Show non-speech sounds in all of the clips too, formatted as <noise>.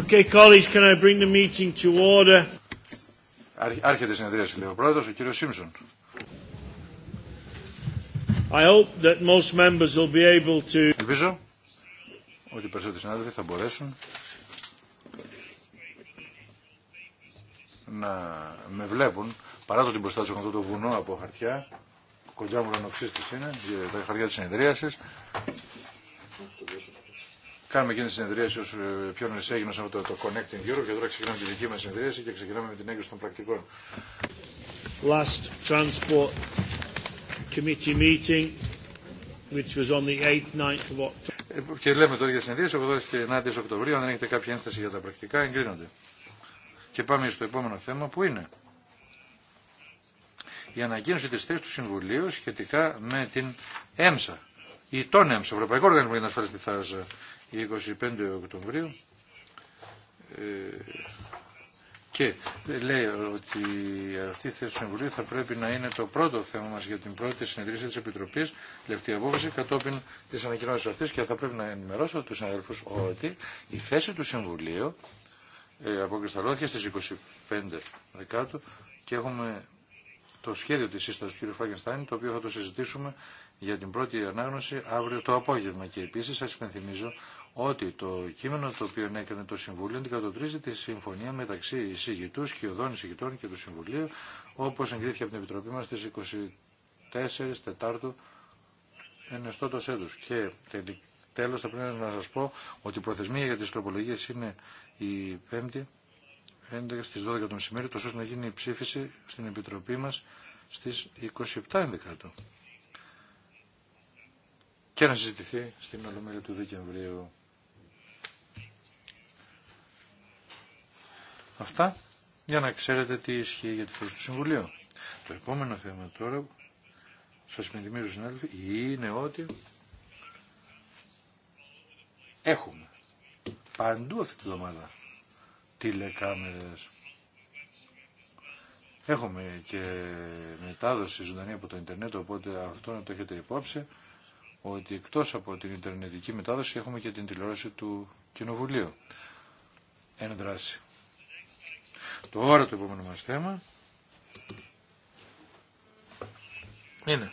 Okay, colleagues, can I bring the meeting to order? Άρχεται η συνεδρίαση, λέει ο πρόεδρος, ο κύριος Σίμψον. I hope that most members will be able to... Ελπίζω ότι οι περισσότεροι συνάδελφοι θα μπορέσουν να με βλέπουν, παρά το ότι μπροστά τους αυτό το βουνό από χαρτιά, κοντά μου λανοξύστης είναι, για τα χαρτιά της συνεδρίασης, Κάνουμε εκείνη τη συνεδρίαση ω ε, πιο νωρί έγινε από το, το Connecting Europe και τώρα ξεκινάμε τη δική μα συνεδρίαση και ξεκινάμε με την έγκριση των πρακτικών. Last Transport Committee meeting, which was on the 8th, 9th of October. Ε, και λέμε τώρα για συνεδρίαση 8 και 9 Οκτωβρίου, αν δεν έχετε κάποια ένσταση για τα πρακτικά, εγκρίνονται. Και πάμε στο επόμενο θέμα που είναι η ανακοίνωση της θέσης του Συμβουλίου σχετικά με την ΕΜΣΑ ή τον ΕΜΣΑ, Ευρωπαϊκό Οργανισμό για την Ασφάλεια στη Θάλασσα. 25 Οκτωβρίου ε, και λέει ότι αυτή η θέση του Συμβουλίου θα πρέπει να είναι το πρώτο θέμα μας για την πρώτη συνεδρίαση της Επιτροπής, λεφτή απόφαση κατόπιν της ανακοινώση αυτής και θα πρέπει να ενημερώσω τους συναδέλφους ότι η θέση του Συμβουλίου ε, αποκρισταλώθηκε στις 25 Δεκάτου και έχουμε το σχέδιο της σύστασης του κ. Φαγκενστάιν το οποίο θα το συζητήσουμε για την πρώτη ανάγνωση αύριο το απόγευμα. Και επίση σας υπενθυμίζω ότι το κείμενο το οποίο έκανε το Συμβούλιο αντικατοπτρίζει τη συμφωνία μεταξύ εισηγητού και οδών εισηγητών και του Συμβουλίου, όπω εγκρίθηκε από την Επιτροπή μα στι 24 Τετάρτου ενεστώτο έτου. Και τέλο θα πρέπει να σα πω ότι η προθεσμία για τι τροπολογίε είναι η 5η 11 στι 12 το μεσημέρι, τόσο ώστε να γίνει η ψήφιση στην Επιτροπή μα στι 27 Ενδεκάτου και να συζητηθεί στην Ολομέλεια του Δεκεμβρίου. Αυτά για να ξέρετε τι ισχύει για τη θέση του Συμβουλίου. Το επόμενο θέμα τώρα, σας υπενθυμίζω συνάδελφοι, είναι ότι έχουμε παντού αυτή τη βδομάδα τηλεκάμερες. Έχουμε και μετάδοση ζωντανή από το ίντερνετ, οπότε αυτό να το έχετε υπόψη, ότι εκτός από την ιντερνετική μετάδοση έχουμε και την τηλεόραση του Κοινοβουλίου. Εν δράση. Τώρα το επόμενο μας θέμα είναι.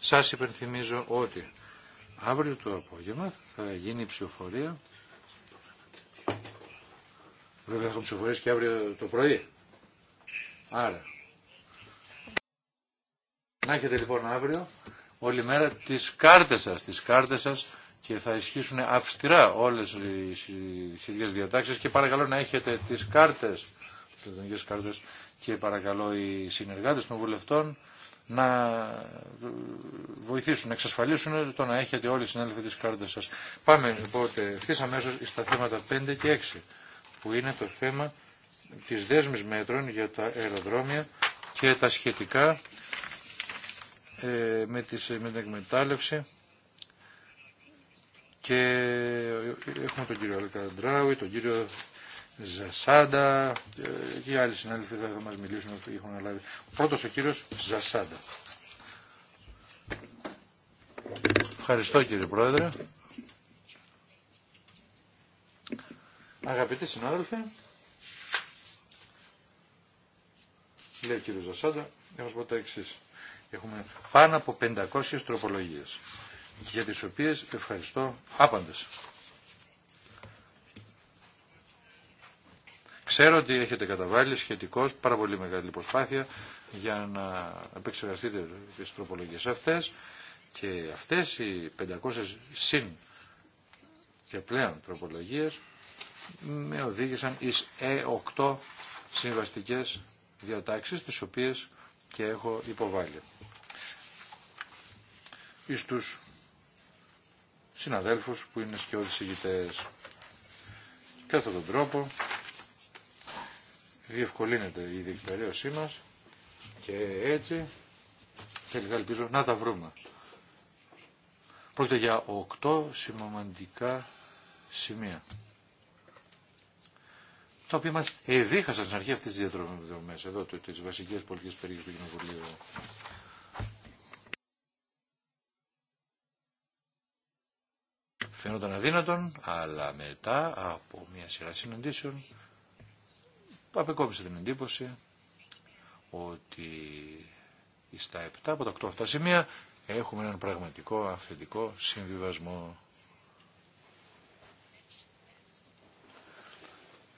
Σας υπενθυμίζω ότι αύριο το απόγευμα θα γίνει η ψηφοφορία. Βέβαια έχουμε ψηφοφορίες και αύριο το πρωί. Άρα. Να έχετε λοιπόν αύριο όλη μέρα τις κάρτες σας, τις κάρτες σας και θα ισχύσουν αυστηρά όλες οι ίδιες διατάξεις και παρακαλώ να έχετε τις κάρτες κάρτες και παρακαλώ οι συνεργάτες των βουλευτών να βοηθήσουν, να εξασφαλίσουν το να έχετε όλοι οι της τις κάρτες σας. Πάμε λοιπόν ευθύ αμέσω στα θέματα 5 και 6 που είναι το θέμα της δέσμης μέτρων για τα αεροδρόμια και τα σχετικά ε, με, τις, με την εκμετάλλευση και έχουμε τον κύριο ή τον κύριο Ζασάντα και οι άλλοι συνάδελφοι θα, θα μας μιλήσουν που έχουν αναλάβει. Ο πρώτος ο κύριος Ζασάντα. Ευχαριστώ κύριε Πρόεδρε. Αγαπητοί συνάδελφοι, λέει ο κύριος Ζασάντα, έχω πω τα εξή. Έχουμε πάνω από 500 τροπολογίες, για τις οποίες ευχαριστώ άπαντες. Ξέρω ότι έχετε καταβάλει σχετικώ πάρα πολύ μεγάλη προσπάθεια για να επεξεργαστείτε τι τροπολογίε αυτέ και αυτές οι 500 συν και πλέον τροπολογίε με οδήγησαν ει 8 ε συμβαστικέ διατάξεις τις οποίες και έχω υποβάλει. Εις τους συναδέλφους που είναι σκιώδεις ηγητές. αυτόν τον τρόπο διευκολύνεται η διεκπαιρέωσή μας και έτσι τελικά ελπίζω να τα βρούμε. Πρόκειται για οκτώ σημαντικά σημεία τα οποία μας εδίχασαν στην αρχή αυτής της διαδρομής εδώ τις βασικές πολιτικές περιοχές του Κοινοβουλίου. Φαίνονταν αδύνατον, αλλά μετά από μια σειρά συναντήσεων απεκόπησε την εντύπωση ότι στα 7 από τα 8 αυτά σημεία έχουμε έναν πραγματικό αυθεντικό συμβιβασμό.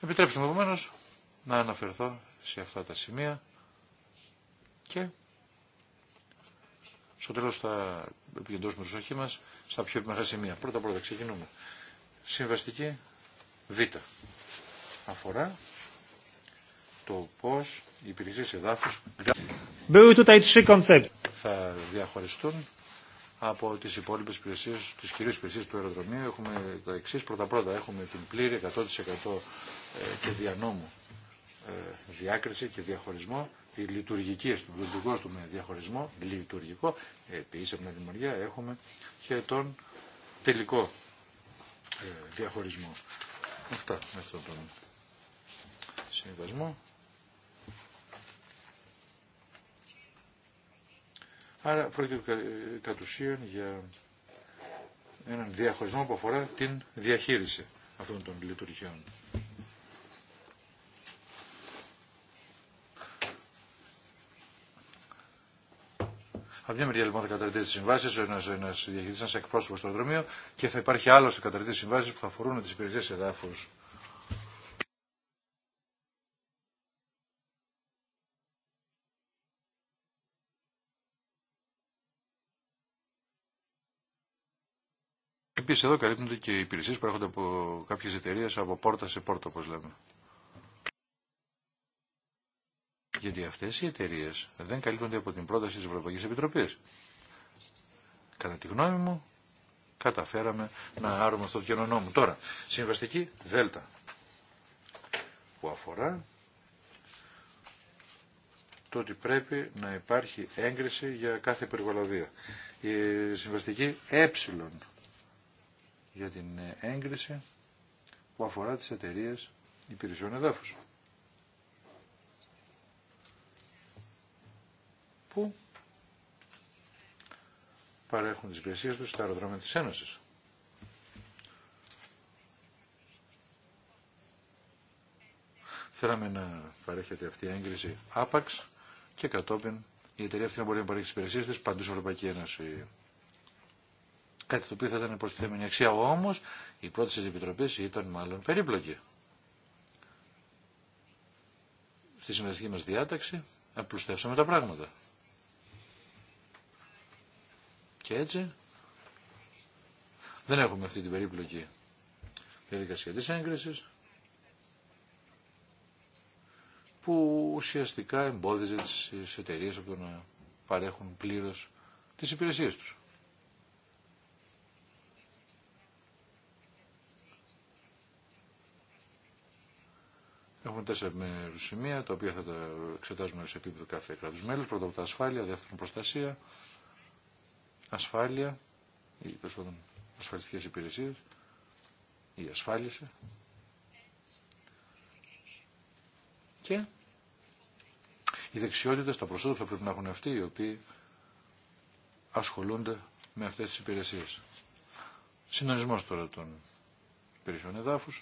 Επιτρέψτε μου επομένω να αναφερθώ σε αυτά τα σημεία και στο τέλος θα επικεντρώσουμε την προσοχή μας στα πιο μεγάλα σημεία. Πρώτα πρώτα ξεκινούμε. Συμβαστική Β αφορά το πώς οι υπηρεσίες εδάφους θα διαχωριστούν από τις υπόλοιπες υπηρεσίες, τις κυρίες υπηρεσίες του αεροδρομίου. Έχουμε τα εξή πρώτα-πρώτα. Έχουμε την πλήρη 100% ε, και διανόμου ε, διάκριση και διαχωρισμό, τη λειτουργική, του λειτουργικό του με διαχωρισμό, λειτουργικό. Επίσης, από την δημιουργία έχουμε και τον τελικό ε, διαχωρισμό. Αυτά με αυτόν τον συμβασμό. Άρα πρόκειται κατ' ουσίαν για έναν διαχωρισμό που αφορά την διαχείριση αυτών των λειτουργιών. Από μια μεριά λοιπόν θα καταρτήσει τι συμβάσει, ο ένα διαχειριστή, ένα εκπρόσωπο στο αεροδρομίο και θα υπάρχει άλλο που θα καταρτήσει συμβάσει που θα αφορούν τι υπηρεσίε εδάφου. Επίσης εδώ καλύπτονται και οι υπηρεσίε που έρχονται από κάποιε εταιρείε από πόρτα σε πόρτα όπως λέμε. Γιατί αυτέ οι εταιρείε δεν καλύπτονται από την πρόταση τη Ευρωπαϊκή Επιτροπή. Κατά τη γνώμη μου, καταφέραμε να άρουμε αυτό το κενό νόμου. Τώρα, συμβαστική δέλτα που αφορά το ότι πρέπει να υπάρχει έγκριση για κάθε περιβαλλοντία. Η συμβαστική έψιλον ε για την έγκριση που αφορά τις εταιρείε υπηρεσιών εδάφου. Που παρέχουν τις υπηρεσίες τους στα αεροδρόμια της Ένωσης. Θέλαμε να παρέχεται αυτή η έγκριση άπαξ και κατόπιν η εταιρεία αυτή να μπορεί να παρέχει τις υπηρεσίες της παντού στην Ευρωπαϊκή Ένωση κάτι το οποίο θα ήταν προστιθέμενη αξία. Όμως η πρόταση της Επιτροπής ήταν μάλλον περίπλοκη. Στη συμμετοχή μας διάταξη απλουστεύσαμε τα πράγματα. Και έτσι δεν έχουμε αυτή την περίπλοκη διαδικασία της έγκρισης που ουσιαστικά εμπόδιζε τις εταιρείες από το να παρέχουν πλήρως τις υπηρεσίες τους. Έχουμε τέσσερα μέρου σημεία, τα οποία θα τα εξετάζουμε σε επίπεδο κάθε κράτου μέλου. Πρώτα από τα ασφάλεια, δεύτερον προστασία, ασφάλεια, ή τέλο ασφαλιστικέ υπηρεσίε, ή ασφάλιση. Και οι δεξιότητε, τα προσόντα θα πρέπει να έχουν αυτοί οι οποίοι ασχολούνται με αυτέ τι υπηρεσίε. Συντονισμό τώρα των υπηρεσιών εδάφου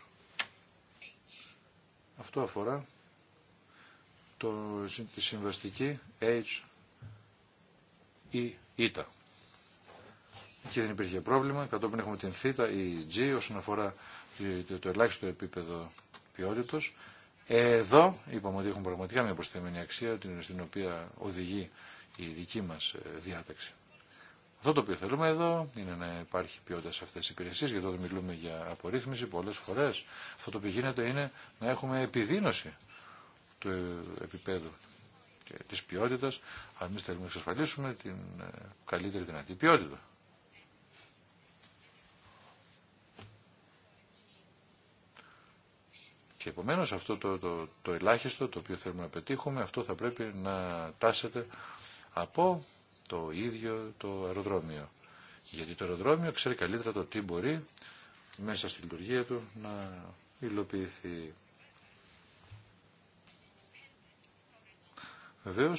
αυτό αφορά το, τη συμβαστική H ή Ήτα. Εκεί δεν υπήρχε πρόβλημα. Κατόπιν έχουμε την Θ ή G όσον αφορά το ελάχιστο επίπεδο ποιότητος. Εδώ είπαμε ότι έχουμε πραγματικά μια προσθεμένη αξία την οποία οδηγεί η δική μας ε, διάταξη. Αυτό το οποίο θέλουμε εδώ είναι να υπάρχει ποιότητα σε αυτές τις υπηρεσίες, γιατί όταν μιλούμε για απορρίθμιση Πολλέ φορέ αυτό το οποίο γίνεται είναι να έχουμε επιδείνωση του επίπεδου και της ποιότητας, αν εμεί θέλουμε να εξασφαλίσουμε την ε, καλύτερη δυνατή ποιότητα. Και επομένω αυτό το, το, το ελάχιστο το οποίο θέλουμε να πετύχουμε, αυτό θα πρέπει να τάσεται από το ίδιο το αεροδρόμιο. Γιατί το αεροδρόμιο ξέρει καλύτερα το τι μπορεί μέσα στη λειτουργία του να υλοποιηθεί. Βεβαίω,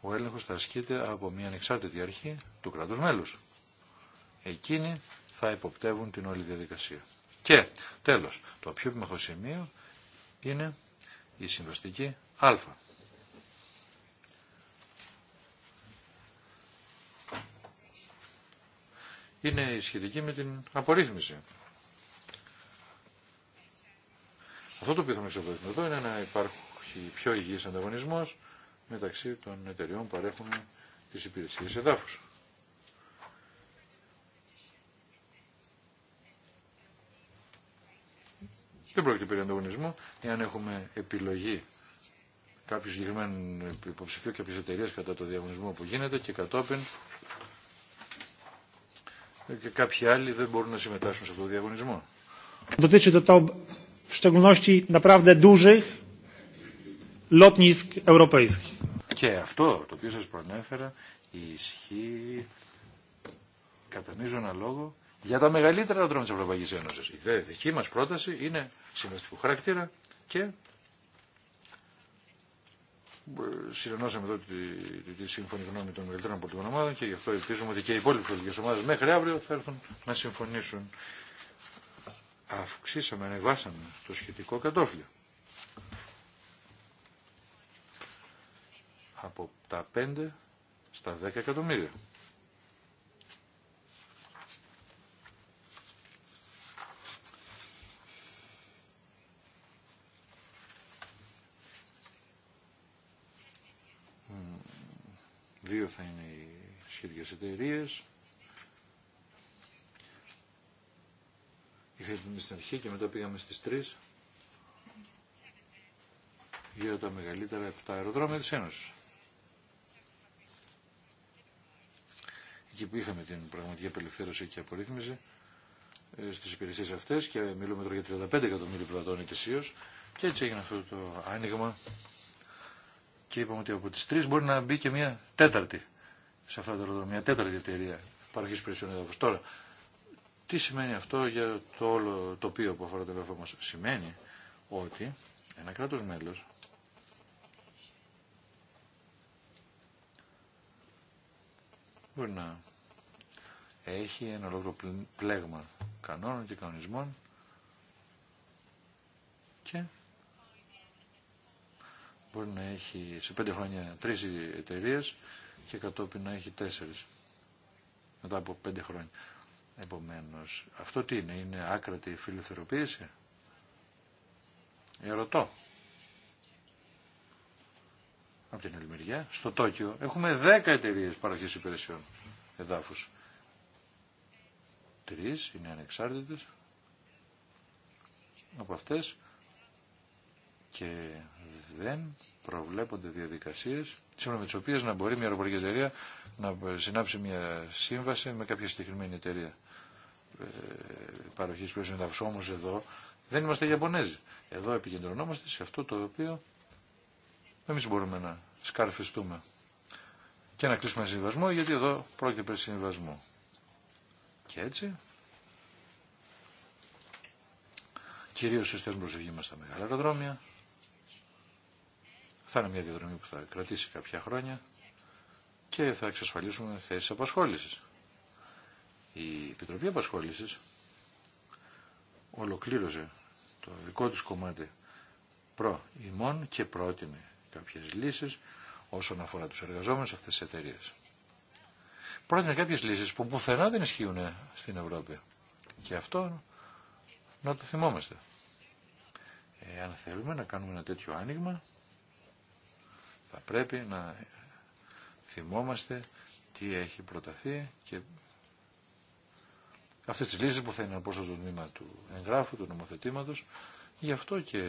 ο έλεγχος θα ασκείται από μια ανεξάρτητη αρχή του κράτους μέλους. Εκείνοι θα υποπτεύουν την όλη διαδικασία. Και τέλος, το πιο επιμεχό σημείο είναι η συμβαστική α. είναι σχετική με την απορρίθμιση. Αυτό το οποίο θα με εδώ είναι να υπάρχει πιο υγιής ανταγωνισμός μεταξύ των εταιριών που παρέχουν τις υπηρεσίες εδάφους. Δεν πρόκειται περί ανταγωνισμού, εάν έχουμε επιλογή κάποιου συγκεκριμένου υποψηφίου και κάποιε εταιρείε κατά το διαγωνισμό που γίνεται και κατόπιν και κάποιοι άλλοι δεν μπορούν να συμμετάσχουν σε αυτό το διαγωνισμό. Και αυτό το οποίο σας προνέφερα ισχύει κατά μείζωνα λόγο για τα μεγαλύτερα αεροδρόμια της Ευρωπαϊκής Ένωσης. Η δική μας πρόταση είναι συμβαστικού χαρακτήρα και συνενώσαμε εδώ τη, τη, σύμφωνη γνώμη των μεγαλύτερων πολιτικών ομάδων και γι' αυτό ελπίζουμε ότι και οι υπόλοιπε πολιτικέ ομάδε μέχρι αύριο θα έρθουν να συμφωνήσουν. Αυξήσαμε, ανεβάσαμε το σχετικό κατόφλιο. Από τα 5 στα 10 εκατομμύρια. Δύο θα είναι οι σχετικές εταιρείε. Είχα στην αρχή και μετά πήγαμε στις τρεις για τα μεγαλύτερα 7 αεροδρόμια της Ένωσης. Εκεί που είχαμε την πραγματική απελευθέρωση και απορρίθμιση ε, στις υπηρεσίες αυτές και μιλούμε τώρα για 35 εκατομμύρια πλατών ετησίως και έτσι έγινε αυτό το άνοιγμα και είπαμε ότι από τις τρεις μπορεί να μπει και μια τέταρτη σε αυτά τα αεροδρόμια, μια τέταρτη εταιρεία παροχή υπηρεσιών έδαφος. Τώρα, τι σημαίνει αυτό για το όλο τοπίο που αφορά το ελεύθερο μα Σημαίνει ότι ένα κράτο μέλο μπορεί να έχει ένα ολόκληρο πλέγμα κανόνων και κανονισμών και μπορεί να έχει σε πέντε χρόνια τρεις εταιρείε και κατόπιν να έχει τέσσερις μετά από πέντε χρόνια. Επομένως, αυτό τι είναι, είναι άκρατη φιλευθεροποίηση. Ερωτώ. Από την Ελμυριά, στο Τόκιο, έχουμε δέκα εταιρείε παροχής υπηρεσιών εδάφους. Τρεις είναι ανεξάρτητες από αυτές και δεν προβλέπονται διαδικασίες σύμφωνα με τις οποίες να μπορεί μια αεροπορική εταιρεία να συνάψει μια σύμβαση με κάποια συγκεκριμένη εταιρεία ε, παροχής πλούσιων είναι Όμως εδώ δεν είμαστε Ιαπωνέζοι. Εδώ επικεντρωνόμαστε σε αυτό το οποίο εμεί μπορούμε να σκαρφιστούμε και να κλείσουμε συμβασμό γιατί εδώ πρόκειται περί συμβασμού. Και έτσι κυρίως θέσεις προσοχή μας στα μεγάλα αεροδρόμια θα είναι μια διαδρομή που θα κρατήσει κάποια χρόνια και θα εξασφαλίσουμε θέσεις απασχόλησης. Η Επιτροπή Απασχόλησης ολοκλήρωσε το δικό της κομμάτι προ ημών και πρότεινε κάποιες λύσεις όσον αφορά τους εργαζόμενους αυτές τις εταιρείες. Πρότεινε κάποιες λύσεις που πουθενά δεν ισχύουν στην Ευρώπη. Και αυτό να το θυμόμαστε. Αν θέλουμε να κάνουμε ένα τέτοιο άνοιγμα, θα πρέπει να θυμόμαστε τι έχει προταθεί και αυτές τις λύσεις που θα είναι από το τμήμα του εγγράφου, του νομοθετήματος. Γι' αυτό και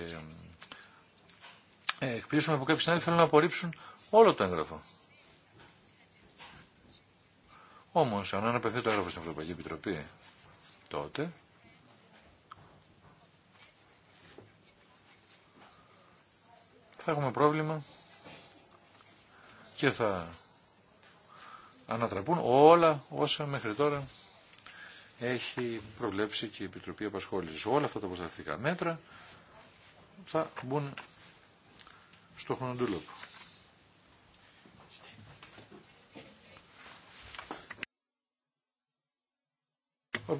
ε, εκπλήσουμε από κάποιοι συνάδελφοι θέλουν να απορρίψουν όλο το έγγραφο. Όμως, αν αναπαιθεί το έγγραφο στην Ευρωπαϊκή Επιτροπή, τότε θα έχουμε πρόβλημα και θα ανατραπούν όλα όσα μέχρι τώρα έχει προβλέψει και η Επιτροπή Απασχόλησης. Όλα αυτά τα προστατευτικά μέτρα θα μπουν στο χρονοτούλοπο.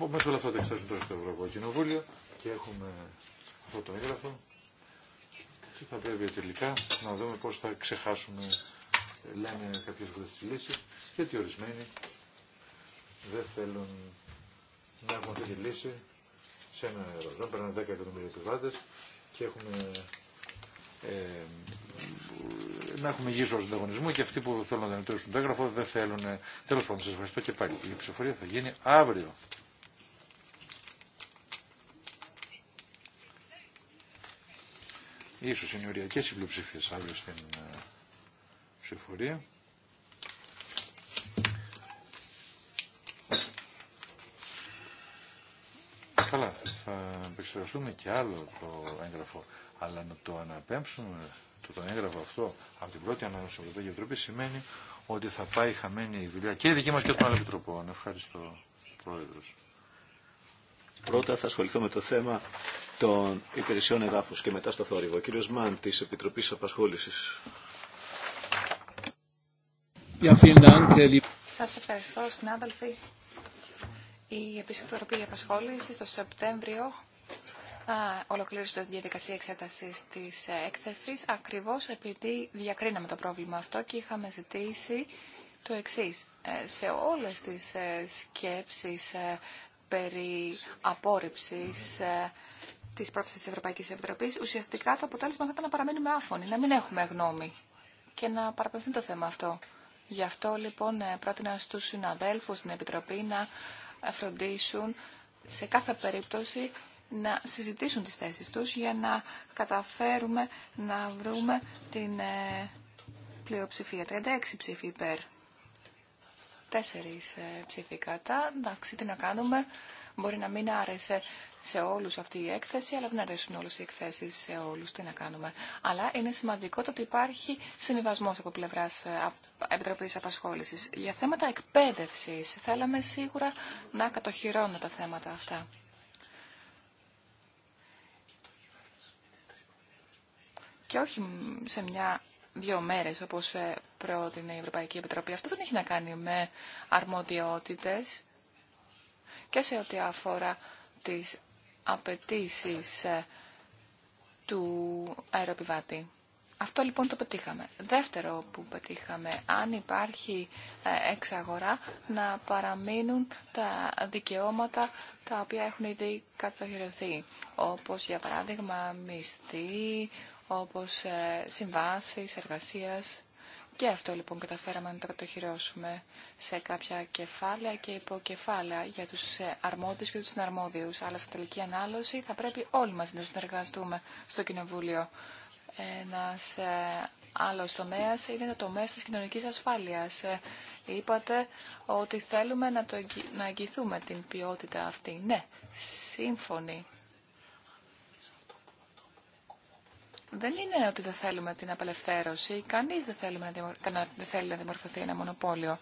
Μέσα όλα αυτά τα εξετάζουν τώρα στο Ευρωπαϊκό Κοινοβούλιο και έχουμε αυτό το έγγραφο και θα πρέπει τελικά να δούμε πώς θα ξεχάσουμε λένε κάποιες από τι λύσει, γιατί ορισμένοι δεν θέλουν να έχουν αυτή τη λύση σε ένα αεροδρόμιο, Περνάνε 10 εκατομμύρια επιβάτε και έχουμε ε, να έχουμε υγιείς του ανταγωνισμού και αυτοί που θέλουν να λειτουργήσουν το έγγραφο δεν θέλουν. Ε, τέλος πάντων, σας ευχαριστώ και πάλι. Η ψηφοφορία θα γίνει αύριο. Ίσως είναι οριακές οι πλειοψηφίες αύριο στην ε, ψηφορία. Καλά, θα επεξεργαστούμε και άλλο το έγγραφο, αλλά να το αναπέμψουμε το, το έγγραφο αυτό από την πρώτη ανάγνωση από Ευρωπαϊκή Επιτροπή σημαίνει ότι θα πάει χαμένη η δουλειά και η δική μας και των άλλων επιτροπών. Ευχαριστώ, Πρόεδρος. Πρώτα θα ασχοληθώ με το θέμα των υπηρεσιών εδάφους και μετά στο θόρυβο. Ο κύριος Μαν της Επιτροπής Απασχόλησης. Σας ευχαριστώ, συνάδελφοι. Η Ευρωπαϊκή Απασχόληση το Σεπτέμβριο ολοκλήρωσε τη διαδικασία εξέταση τη έκθεση ακριβώ επειδή διακρίναμε το πρόβλημα αυτό και είχαμε ζητήσει το εξή. Ε, σε όλε τι ε, σκέψει ε, περί απόρριψη τη πρόταση τη Ευρωπαϊκή Επιτροπή, ουσιαστικά το αποτέλεσμα θα ήταν να παραμείνουμε άφωνοι, να μην έχουμε γνώμη και να παραπευθύνει το θέμα αυτό. Γι' αυτό λοιπόν ε, πρότεινα στους συναδέλφους στην Επιτροπή να ε, φροντίσουν σε κάθε περίπτωση να συζητήσουν τις θέσεις τους για να καταφέρουμε να βρούμε την ε, πλειοψηφία. 36 ψήφοι υπέρ, 4 ψήφοι κατά. Εντάξει, τι να κάνουμε, Μπορεί να μην άρεσε σε όλους αυτή η έκθεση, αλλά δεν αρέσουν όλες οι εκθέσεις σε όλους. Τι να κάνουμε. Αλλά είναι σημαντικό το ότι υπάρχει συμβιβασμός από πλευράς ε, Επιτροπής Απασχόλησης. Για θέματα εκπαίδευσης θέλαμε σίγουρα να κατοχυρώνουμε τα θέματα αυτά. Και όχι σε μια δύο μέρες όπως ε, πρότεινε η Ευρωπαϊκή Επιτροπή. Αυτό δεν έχει να κάνει με αρμοδιότητες και σε ό,τι αφορά τις απαιτήσει ε, του αεροπιβάτη. Αυτό λοιπόν το πετύχαμε. Δεύτερο που πετύχαμε, αν υπάρχει ε, εξαγορά, να παραμείνουν τα δικαιώματα τα οποία έχουν ήδη κατοχυρωθεί. Όπως για παράδειγμα μισθή, όπως ε, συμβάσεις εργασίας και αυτό λοιπόν καταφέραμε να το κατοχυρώσουμε σε κάποια κεφάλαια και υποκεφάλαια για τους ε, αρμόδιους και τους συναρμόδιους. Αλλά σε τελική ανάλωση θα πρέπει όλοι μας να συνεργαστούμε στο Κοινοβούλιο. Ένα ε, άλλο τομέα είναι το τομέα της κοινωνικής ασφάλειας. Ε, είπατε ότι θέλουμε να, το, να την ποιότητα αυτή. Ναι, σύμφωνοι δεν είναι ότι δεν θέλουμε την απελευθέρωση. Κανείς δεν, θέλουμε δεν θέλει να δημορφωθεί ένα μονοπόλιο.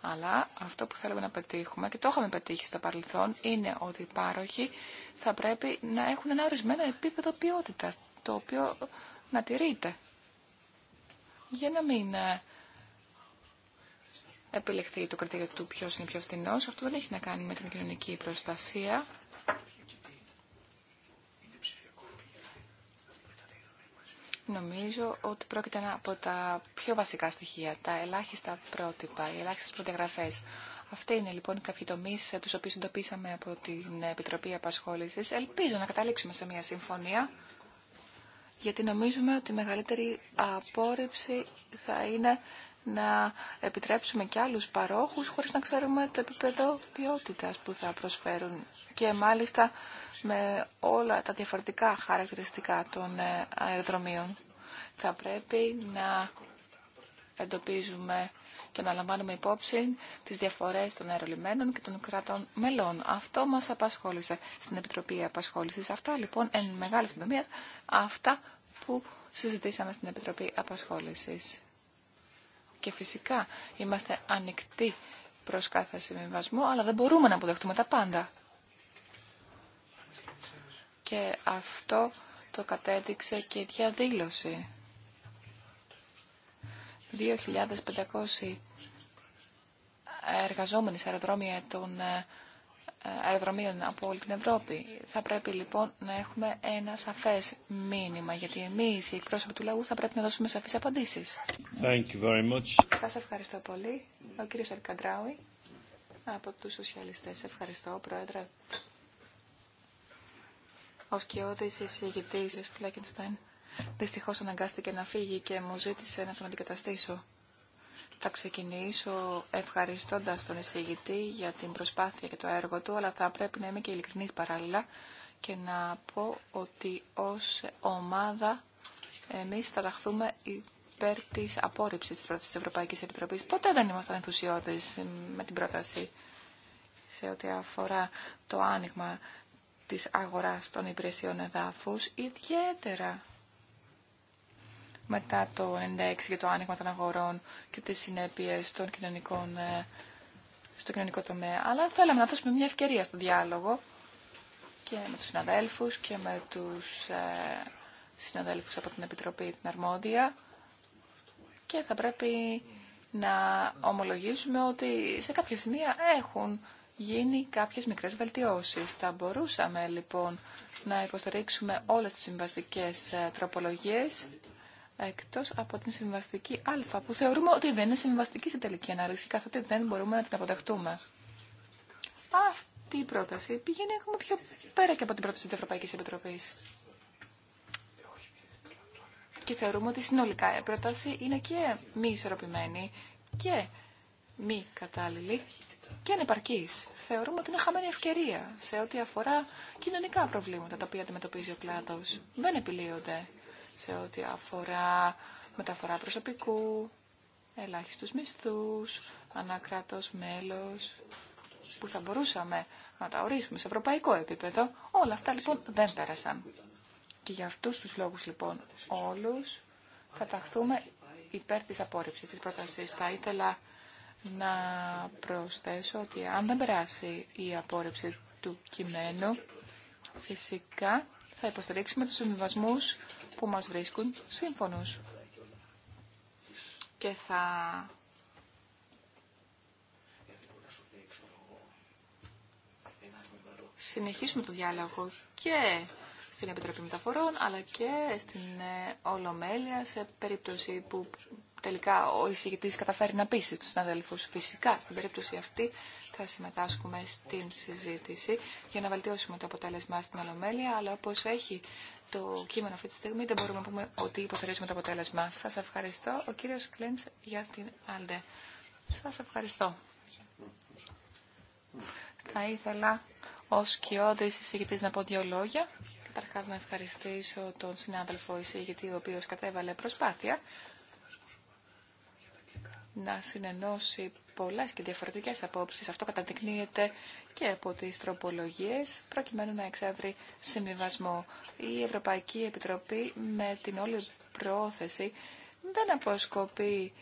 Αλλά αυτό που θέλουμε να πετύχουμε και το είχαμε πετύχει στο παρελθόν είναι ότι οι πάροχοι θα πρέπει να έχουν ένα ορισμένο επίπεδο ποιότητας το οποίο να τηρείται για να μην ε, επιλεχθεί το κριτήριο του ποιος είναι πιο φθηνός. Αυτό δεν έχει να κάνει με την κοινωνική προστασία Νομίζω ότι πρόκειται ένα από τα πιο βασικά στοιχεία, τα ελάχιστα πρότυπα, οι ελάχιστε προδιαγραφέ. Αυτοί είναι λοιπόν κάποιοι τομεί ε, του οποίου εντοπίσαμε από την Επιτροπή Απασχόληση. Ελπίζω να καταλήξουμε σε μια συμφωνία, γιατί νομίζουμε ότι η μεγαλύτερη απόρριψη θα είναι να επιτρέψουμε και άλλους παρόχους χωρίς να ξέρουμε το επίπεδο ποιότητας που θα προσφέρουν και μάλιστα με όλα τα διαφορετικά χαρακτηριστικά των ε, αεροδρομίων. Θα πρέπει να εντοπίζουμε και να λαμβάνουμε υπόψη τις διαφορές των αερολιμένων και των κρατών μελών. Αυτό μας απασχόλησε στην Επιτροπή Απασχόλησης. Αυτά λοιπόν, εν μεγάλη συντομία, αυτά που συζητήσαμε στην Επιτροπή Απασχόλησης. Και φυσικά είμαστε ανοιχτοί προς κάθε συμβιβασμό, αλλά δεν μπορούμε να αποδεχτούμε τα πάντα. Και αυτό το κατέδειξε και η διαδήλωση. 2.500 εργαζόμενοι σε αεροδρόμια των ε, αεροδρομίων από όλη την Ευρώπη. Θα πρέπει λοιπόν να έχουμε ένα σαφές μήνυμα, γιατί εμείς οι εκπρόσωποι του λαού θα πρέπει να δώσουμε σαφείς απαντήσεις. Σα Σας ευχαριστώ πολύ. Ο κύριο Αρκαντράουι από τους Σοσιαλιστές. Ευχαριστώ, Πρόεδρε. Ο σκιώδη εισηγητή Φλέκενστάιν Δυστυχώ αναγκάστηκε να φύγει και μου ζήτησε να τον αντικαταστήσω. Θα ξεκινήσω ευχαριστώντας τον εισηγητή για την προσπάθεια και το έργο του, αλλά θα πρέπει να είμαι και ειλικρινής παράλληλα και να πω ότι ως ομάδα εμείς θα ταχθούμε υπέρ της απόρριψης της πρόταση της Ευρωπαϊκής Επιτροπής. Ποτέ δεν ήμασταν ενθουσιώδεις με την πρόταση σε ό,τι αφορά το άνοιγμα της αγοράς των υπηρεσιών εδάφους, ιδιαίτερα μετά το 1996 για το άνοιγμα των αγορών και τις συνέπειες των κοινωνικών, ε, στο κοινωνικό τομέα. Αλλά θέλαμε να δώσουμε μια ευκαιρία στο διάλογο και με τους συναδέλφους και με τους συναδέλφου ε, συναδέλφους από την Επιτροπή την Αρμόδια και θα πρέπει να ομολογήσουμε ότι σε κάποια σημεία έχουν γίνει κάποιες μικρές βελτιώσεις. Θα μπορούσαμε λοιπόν να υποστηρίξουμε όλες τις συμβαστικές ε, τροπολογίες εκτός από την συμβαστική α, που θεωρούμε ότι δεν είναι συμβαστική σε τελική ανάλυση, καθότι δεν μπορούμε να την αποδεχτούμε. Αυτή η πρόταση πηγαίνει ακόμα πιο πέρα και από την πρόταση της Ευρωπαϊκής Επιτροπής. Και θεωρούμε ότι συνολικά η πρόταση είναι και μη ισορροπημένη και μη κατάλληλη και ανεπαρκή. Θεωρούμε ότι είναι χαμένη ευκαιρία σε ό,τι αφορά κοινωνικά προβλήματα τα οποία αντιμετωπίζει ο κλάδο. Δεν επιλύονται σε ό,τι αφορά μεταφορά προσωπικού, ελάχιστους μισθούς, ανακράτος μέλος, που θα μπορούσαμε να τα ορίσουμε σε ευρωπαϊκό επίπεδο. Όλα αυτά λοιπόν δεν πέρασαν. Και για αυτούς τους λόγους λοιπόν όλους θα ταχθούμε υπέρ της απόρριψης της πρότασης. Θα ήθελα να προσθέσω ότι αν δεν περάσει η απόρριψη του κειμένου, φυσικά θα υποστηρίξουμε τους συμβιβασμούς που μας βρίσκουν σύμφωνος. Και θα συνεχίσουμε το διάλογο και στην Επιτροπή Μεταφορών, αλλά και στην ε, Ολομέλεια, σε περίπτωση που τελικά ο εισηγητής καταφέρει να πείσει τους συναδέλφους. Φυσικά, στην περίπτωση αυτή θα συμμετάσχουμε στην συζήτηση για να βελτιώσουμε το αποτέλεσμα στην Ολομέλεια, αλλά όπως έχει το κείμενο αυτή τη στιγμή δεν μπορούμε να πούμε ότι υποθερίζουμε το αποτέλεσμα. Σας ευχαριστώ. Ο κύριος Κλέντς για την Άλντε. Σας ευχαριστώ. Θα ήθελα ως κοιόδη εισηγητή να πω δύο λόγια. Καταρχά να ευχαριστήσω τον συνάδελφο εισηγητή ο οποίος κατέβαλε προσπάθεια να συνενώσει Πολλέ και διαφορετικέ απόψει. Αυτό καταδεικνύεται και από τις τροπολογίες, προκειμένου να εξεύρει συμβιβασμό. Η Ευρωπαϊκή Επιτροπή με την όλη πρόθεση δεν αποσκοπεί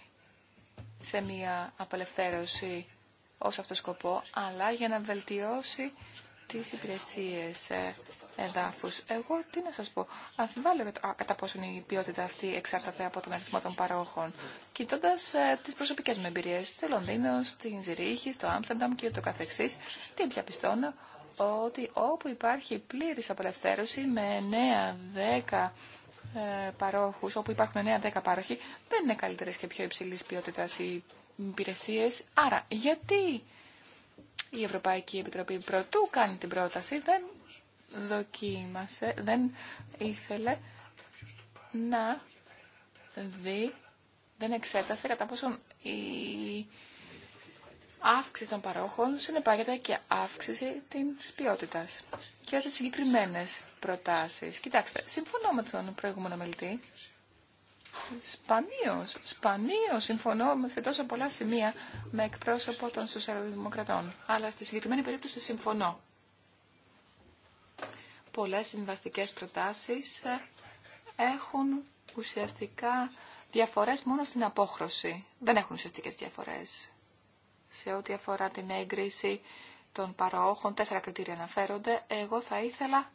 σε μια απελευθέρωση ως αυτό σκοπό, αλλά για να βελτιώσει τις υπηρεσίες ε, εδάφους. Εγώ τι να σας πω, αμφιβάλλω κατά πόσον η ποιότητα αυτή εξαρτάται από τον αριθμό των παρόχων. Κοιτώντα ε, τις προσωπικές μου εμπειρίες στο Λονδίνο, στην Ζηρίχη, στο Άμστερνταμ και ούτω καθεξής, τι διαπιστώνω ότι όπου υπάρχει πλήρης απελευθέρωση με 9-10 ε, παρόχους, όπου υπάρχουν 9-10 παρόχοι, δεν είναι καλύτερες και πιο υψηλής ποιότητας οι υπηρεσίες. Άρα, γιατί η Ευρωπαϊκή Επιτροπή πρωτού κάνει την πρόταση δεν δοκίμασε, δεν ήθελε να δει, δεν εξέτασε κατά πόσον η αύξηση των παρόχων συνεπάγεται και αύξηση της ποιότητα Και συγκεκριμένε προτάσεις. Κοιτάξτε, συμφωνώ με τον προηγούμενο μελητή Σπανίως, σπανίως συμφωνώ σε τόσο πολλά σημεία με εκπρόσωπο των σοσιαλδημοκρατών. Αλλά στη συγκεκριμένη περίπτωση συμφωνώ. Πολλές συμβαστικές προτάσεις έχουν ουσιαστικά διαφορές μόνο στην απόχρωση. Δεν έχουν ουσιαστικές διαφορές. Σε ό,τι αφορά την έγκριση των παρόχων. τέσσερα κριτήρια αναφέρονται. Εγώ θα ήθελα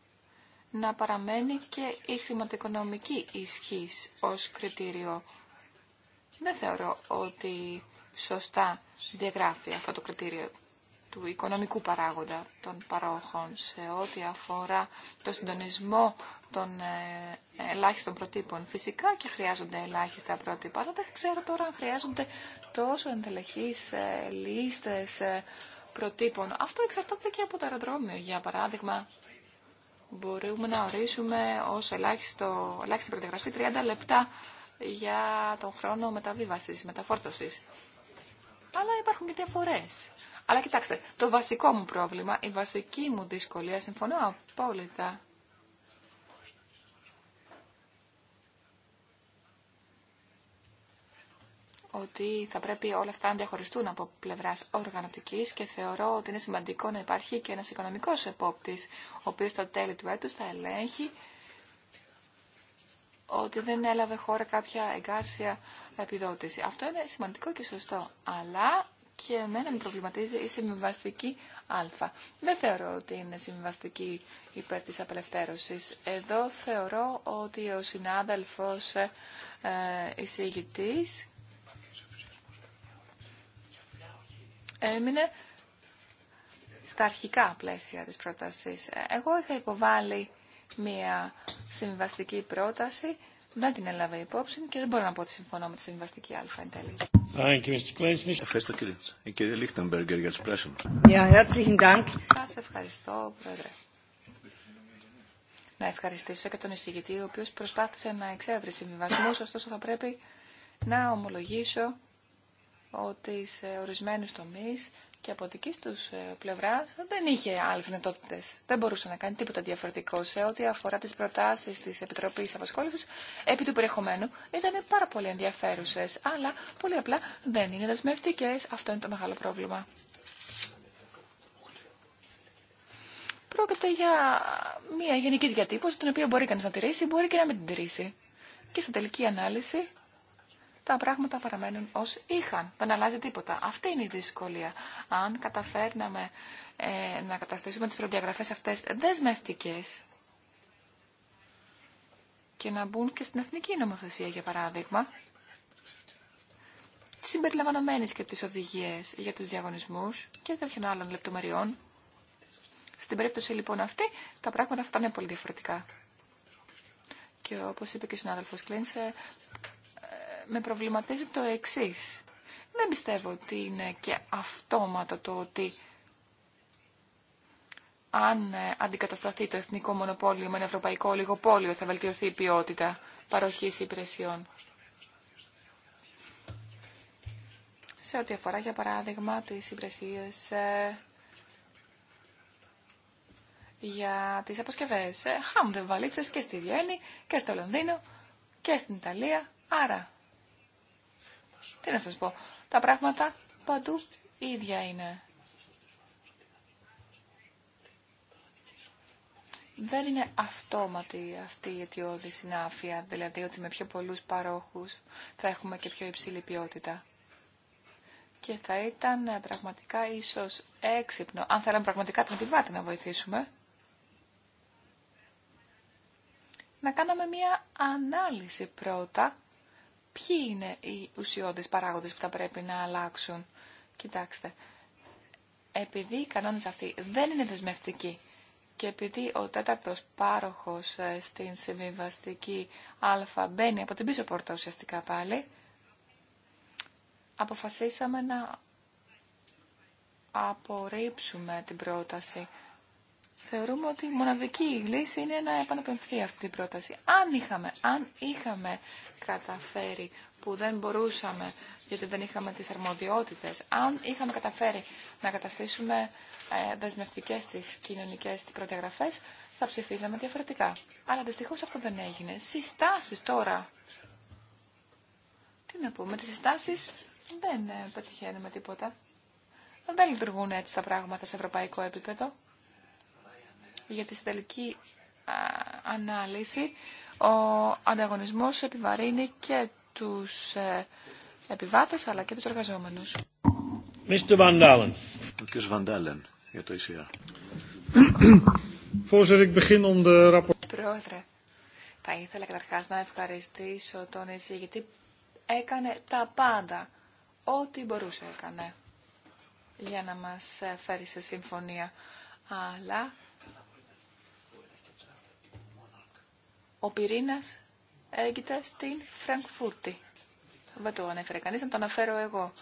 να παραμένει και η χρηματοοικονομική ισχύς ως κριτήριο. Δεν θεωρώ ότι σωστά διαγράφει αυτό το κριτήριο του οικονομικού παράγοντα των παρόχων σε ό,τι αφορά το συντονισμό των ε, ελάχιστων προτύπων. Φυσικά και χρειάζονται ελάχιστα πρότυπα, αλλά δεν ξέρω τώρα αν χρειάζονται τόσο εντελεχείς ε, λίστες ε, προτύπων. Αυτό εξαρτάται και από το αεροδρόμιο, για παράδειγμα μπορούμε να ορίσουμε ως ελάχιστο, ελάχιστη πρωτογραφή 30 λεπτά για τον χρόνο μεταβίβασης, μεταφόρτωσης. Αλλά υπάρχουν και διαφορές. Αλλά κοιτάξτε, το βασικό μου πρόβλημα, η βασική μου δυσκολία, συμφωνώ απόλυτα ότι θα πρέπει όλα αυτά να διαχωριστούν από πλευρά οργανωτική και θεωρώ ότι είναι σημαντικό να υπάρχει και ένα οικονομικό επόπτη, ο οποίο στο τέλη του έτου θα ελέγχει ότι δεν έλαβε χώρα κάποια εγκάρσια επιδότηση. Αυτό είναι σημαντικό και σωστό, αλλά και εμένα με προβληματίζει η συμβιβαστική α. Δεν θεωρώ ότι είναι συμβιβαστική υπέρ της απελευθέρωσης. Εδώ θεωρώ ότι ο συνάδελφος ε, εισηγητής έμεινε στα αρχικά πλαίσια της πρότασης. Εγώ είχα υποβάλει μία συμβιβαστική πρόταση, δεν την έλαβε υπόψη και δεν μπορώ να πω ότι συμφωνώ με τη συμβαστική Α εν τέλει. Ευχαριστώ κύριε. Λίχτεμπεργκερ για τους πράσινους. Σας ευχαριστώ πρόεδρε. Να ευχαριστήσω και τον εισηγητή, ο οποίος προσπάθησε να εξέβρει συμβιβασμούς, ωστόσο θα πρέπει να ομολογήσω ότι σε ορισμένους τομείς και από δική του ε, πλευρά δεν είχε άλλε δυνατότητε. Δεν μπορούσε να κάνει τίποτα διαφορετικό σε ό,τι αφορά τι προτάσει τη Επιτροπή Απασχόληση επί του περιεχομένου. Ήταν πάρα πολύ ενδιαφέρουσε, αλλά πολύ απλά δεν είναι δεσμευτικέ. Αυτό είναι το μεγάλο πρόβλημα. Πρόκειται για μια γενική διατύπωση, την οποία μπορεί κανεί να τηρήσει, μπορεί και να μην την τηρήσει. Και στην τελική ανάλυση τα πράγματα παραμένουν ως είχαν. Δεν αλλάζει τίποτα. Αυτή είναι η δυσκολία. Αν καταφέρναμε ε, να καταστήσουμε τις προδιαγραφές αυτές δεσμευτικές και να μπουν και στην εθνική νομοθεσία, για παράδειγμα, συμπεριλαμβανομένες και τις οδηγίες για τους διαγωνισμούς και τέτοιων άλλων λεπτομεριών. Στην περίπτωση λοιπόν αυτή, τα πράγματα θα ήταν πολύ διαφορετικά. Και όπως είπε και ο συνάδελφος Κλίνσε, με προβληματίζει το εξής. Δεν πιστεύω ότι είναι και αυτόματο το ότι αν ε, αντικατασταθεί το εθνικό μονοπόλιο με ένα ευρωπαϊκό ολιγοπόλιο θα βελτιωθεί η ποιότητα παροχής υπηρεσιών. Σε ό,τι αφορά, για παράδειγμα, τις υπηρεσίες ε, για τις αποσκευές. Ε, χάνονται βαλίτσες και στη Βιέννη και στο Λονδίνο και στην Ιταλία. Άρα, τι να σας πω, τα πράγματα παντού ίδια είναι. Δεν είναι αυτόματη αυτή η αιτιώδη συνάφεια, δηλαδή ότι με πιο πολλούς παρόχους θα έχουμε και πιο υψηλή ποιότητα. Και θα ήταν ε, πραγματικά ίσως έξυπνο, αν θέλαμε πραγματικά τον επιβάτη να βοηθήσουμε, να κάναμε μία ανάλυση πρώτα ποιοι είναι οι ουσιώδεις παράγοντες που θα πρέπει να αλλάξουν. Κοιτάξτε, επειδή οι κανόνες αυτοί δεν είναι δεσμευτικοί και επειδή ο τέταρτος πάροχος ε, στην συμβιβαστική α μπαίνει από την πίσω πόρτα ουσιαστικά πάλι, αποφασίσαμε να απορρίψουμε την πρόταση θεωρούμε ότι η μοναδική λύση είναι να επαναπεμφθεί αυτή η πρόταση. Αν είχαμε, αν είχαμε καταφέρει που δεν μπορούσαμε γιατί δεν είχαμε τις αρμοδιότητες, αν είχαμε καταφέρει να καταστήσουμε ε, δεσμευτικές τις κοινωνικές τις θα ψηφίζαμε διαφορετικά. Αλλά δυστυχώς αυτό δεν έγινε. Συστάσεις τώρα. Τι να πούμε, τις συστάσεις δεν ε, πετυχαίνουμε τίποτα. Δεν λειτουργούν έτσι τα πράγματα σε ευρωπαϊκό επίπεδο. Για στην τελική ανάλυση ο ανταγωνισμός επιβαρύνει και τους ε, επιβάτες αλλά και τους εργαζόμενους. Πρόεδρε, θα ήθελα καταρχάς να ευχαριστήσω τον εισηγητή. Έκανε τα πάντα, ό,τι μπορούσε έκανε για να μας ε, φέρει σε συμφωνία. Αλλά Ο Πυρήνα έγκυται στην Φραγκφούρτη. Δεν το ανέφερε κανεί. να το αναφέρω εγώ.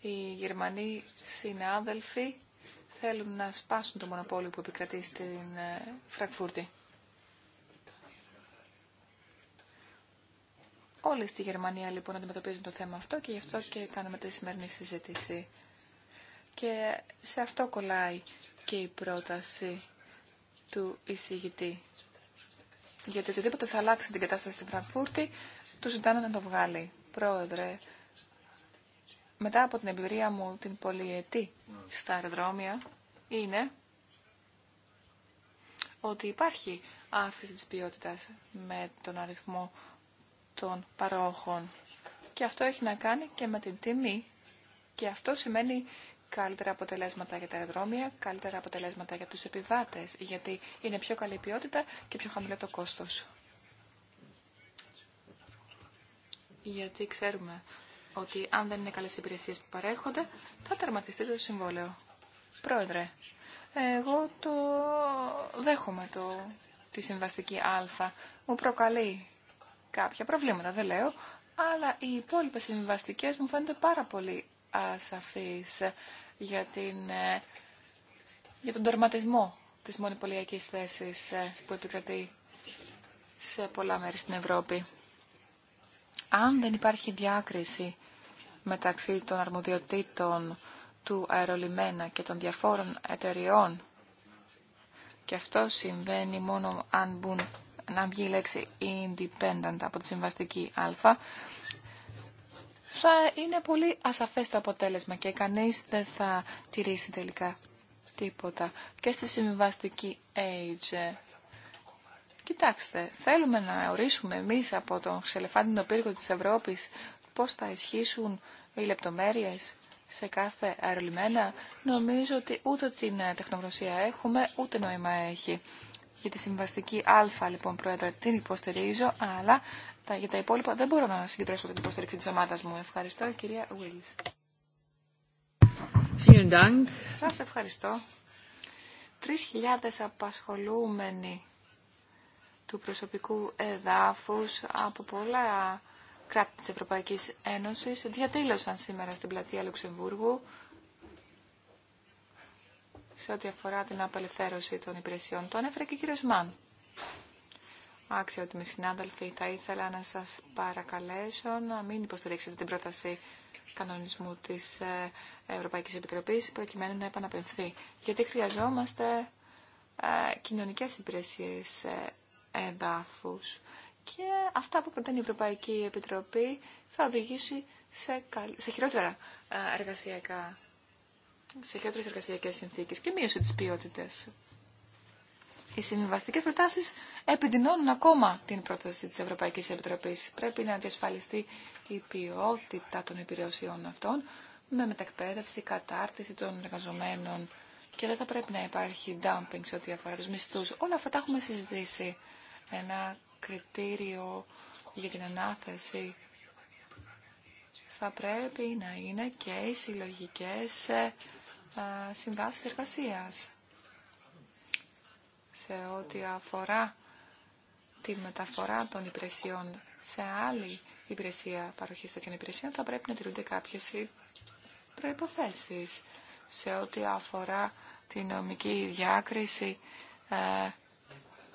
Οι Γερμανοί συνάδελφοι θέλουν να σπάσουν το μονοπόλιο που επικρατεί στην ε, Φραγκφούρτη. Όλοι στη Γερμανία λοιπόν αντιμετωπίζουν το θέμα αυτό και γι' αυτό και κάνουμε τη σημερινή συζήτηση. Και σε αυτό κολλάει και η πρόταση του εισηγητή. Γιατί οτιδήποτε θα αλλάξει την κατάσταση στην Φραγκφούρτη, του ζητάνε να το βγάλει. Πρόεδρε, μετά από την εμπειρία μου την πολυετή στα αεροδρόμια, είναι ότι υπάρχει αύξηση της ποιότητας με τον αριθμό των παρόχων. Και αυτό έχει να κάνει και με την τιμή. Και αυτό σημαίνει καλύτερα αποτελέσματα για τα αεροδρόμια, καλύτερα αποτελέσματα για τους επιβάτες, γιατί είναι πιο καλή ποιότητα και πιο χαμηλό το κόστος. Γιατί ξέρουμε ότι αν δεν είναι καλές υπηρεσίες που παρέχονται, θα τερματιστεί το συμβόλαιο. Πρόεδρε, εγώ το δέχομαι το, τη συμβαστική Α. Μου προκαλεί κάποια προβλήματα, δεν λέω, αλλά οι υπόλοιπες συμβαστικές μου φαίνονται πάρα πολύ ασαφείς για, την, ε, για τον τερματισμό της μονοπωλιακής θέσης ε, που επικρατεί σε πολλά μέρη στην Ευρώπη. Αν δεν υπάρχει διάκριση μεταξύ των αρμοδιοτήτων του αερολιμένα και των διαφόρων εταιριών και αυτό συμβαίνει μόνο αν, μπουν, αν βγει η λέξη independent από τη συμβαστική α, θα είναι πολύ ασαφές το αποτέλεσμα και κανείς δεν θα τηρήσει τελικά τίποτα. Και στη συμβιβαστική age. Κοιτάξτε, θέλουμε να ορίσουμε εμείς από τον ξελεφάντινο πύργο της Ευρώπης πώς θα ισχύσουν οι λεπτομέρειες σε κάθε αερολιμένα. Νομίζω ότι ούτε την τεχνογνωσία έχουμε, ούτε νόημα έχει. Για τη συμβαστική Α, λοιπόν, Πρόεδρε, την υποστηρίζω, αλλά για τα υπόλοιπα δεν μπορώ να συγκεντρώσω την υποστήριξη της ομάδας μου. Ευχαριστώ, κυρία Βίλης. Σα ευχαριστώ. 3.000 απασχολούμενοι του προσωπικού εδάφου από πολλά κράτη της Ευρωπαϊκής Ένωσης διατήλωσαν σήμερα στην πλατεία Λουξεμβούργου σε ό,τι αφορά την απελευθέρωση των υπηρεσιών. Το ανέφερε και ο κύριος Μαν. Αξιότιμοι συνάδελφοι, θα ήθελα να σας παρακαλέσω να μην υποστηρίξετε την πρόταση κανονισμού της ε, Ευρωπαϊκής Επιτροπής προκειμένου να επαναπευθεί. Γιατί χρειαζόμαστε ε, κοινωνικές υπηρεσίες ε, εδάφους και αυτά που προτείνει η Ευρωπαϊκή Επιτροπή θα οδηγήσει σε, σε χειρότερα εργασιακά σε χειρότερε εργασιακέ συνθήκε και μείωση τη ποιότητα. Οι συμβιβαστικέ προτάσει επιδεινώνουν ακόμα την πρόταση τη Ευρωπαϊκή Επιτροπή. Πρέπει να διασφαλιστεί η ποιότητα των υπηρεσιών αυτών με μετακπαίδευση, κατάρτιση των εργαζομένων και δεν θα πρέπει να υπάρχει dumping σε ό,τι αφορά του μισθού. Όλα αυτά τα έχουμε συζητήσει. Ένα κριτήριο για την ανάθεση θα πρέπει να είναι και οι συλλογικέ. Ε, συμβάσεις εργασίας σε ό,τι αφορά τη μεταφορά των υπηρεσιών σε άλλη υπηρεσία παροχής τέτοιων υπηρεσιών θα πρέπει να τηρούνται κάποιες προϋποθέσεις σε ό,τι αφορά τη νομική διάκριση ε,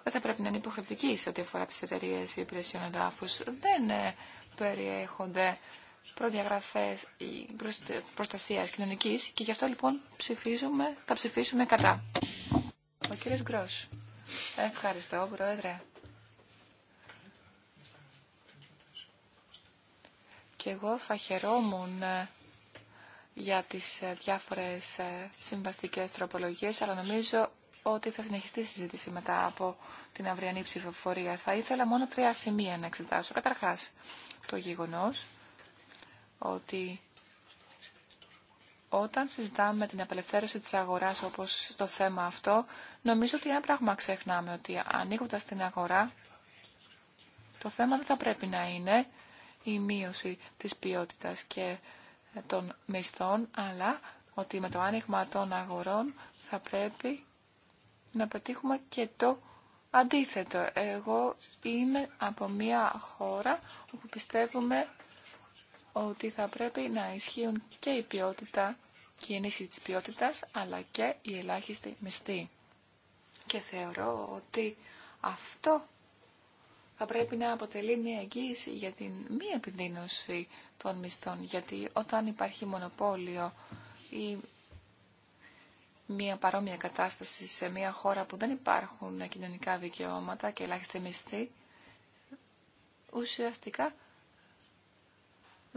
δεν θα πρέπει να είναι υποχρεωτική σε ό,τι αφορά τις εταιρείε υπηρεσιών εδάφους. Δεν ε, περιέχονται προδιαγραφές προστασία κοινωνικής και γι' αυτό λοιπόν ψηφίζουμε, θα ψηφίσουμε κατά. Ο κύριο Γκρό. Ευχαριστώ, Πρόεδρε. Και εγώ θα χαιρόμουν ε, για τις ε, διάφορες ε, συμβαστικές τροπολογίες, αλλά νομίζω ότι θα συνεχιστεί η συζήτηση μετά από την αυριανή ψηφοφορία. Θα ήθελα μόνο τρία σημεία να εξετάσω. Καταρχάς, το γεγονός ότι όταν συζητάμε την απελευθέρωση της αγοράς όπως το θέμα αυτό, νομίζω ότι ένα πράγμα ξεχνάμε, ότι ανοίγοντα την αγορά, το θέμα δεν θα πρέπει να είναι η μείωση της ποιότητας και των μισθών, αλλά ότι με το άνοιγμα των αγορών θα πρέπει να πετύχουμε και το αντίθετο. Εγώ είμαι από μια χώρα όπου πιστεύουμε ότι θα πρέπει να ισχύουν και η ποιότητα και η ενίσχυση της ποιότητας, αλλά και η ελάχιστη μισθή. Και θεωρώ ότι αυτό θα πρέπει να αποτελεί μια εγγύηση για την μη επιδείνωση των μισθών, γιατί όταν υπάρχει μονοπόλιο ή μια παρόμοια κατάσταση σε μια χώρα που δεν υπάρχουν κοινωνικά δικαιώματα και ελάχιστη μισθή, ουσιαστικά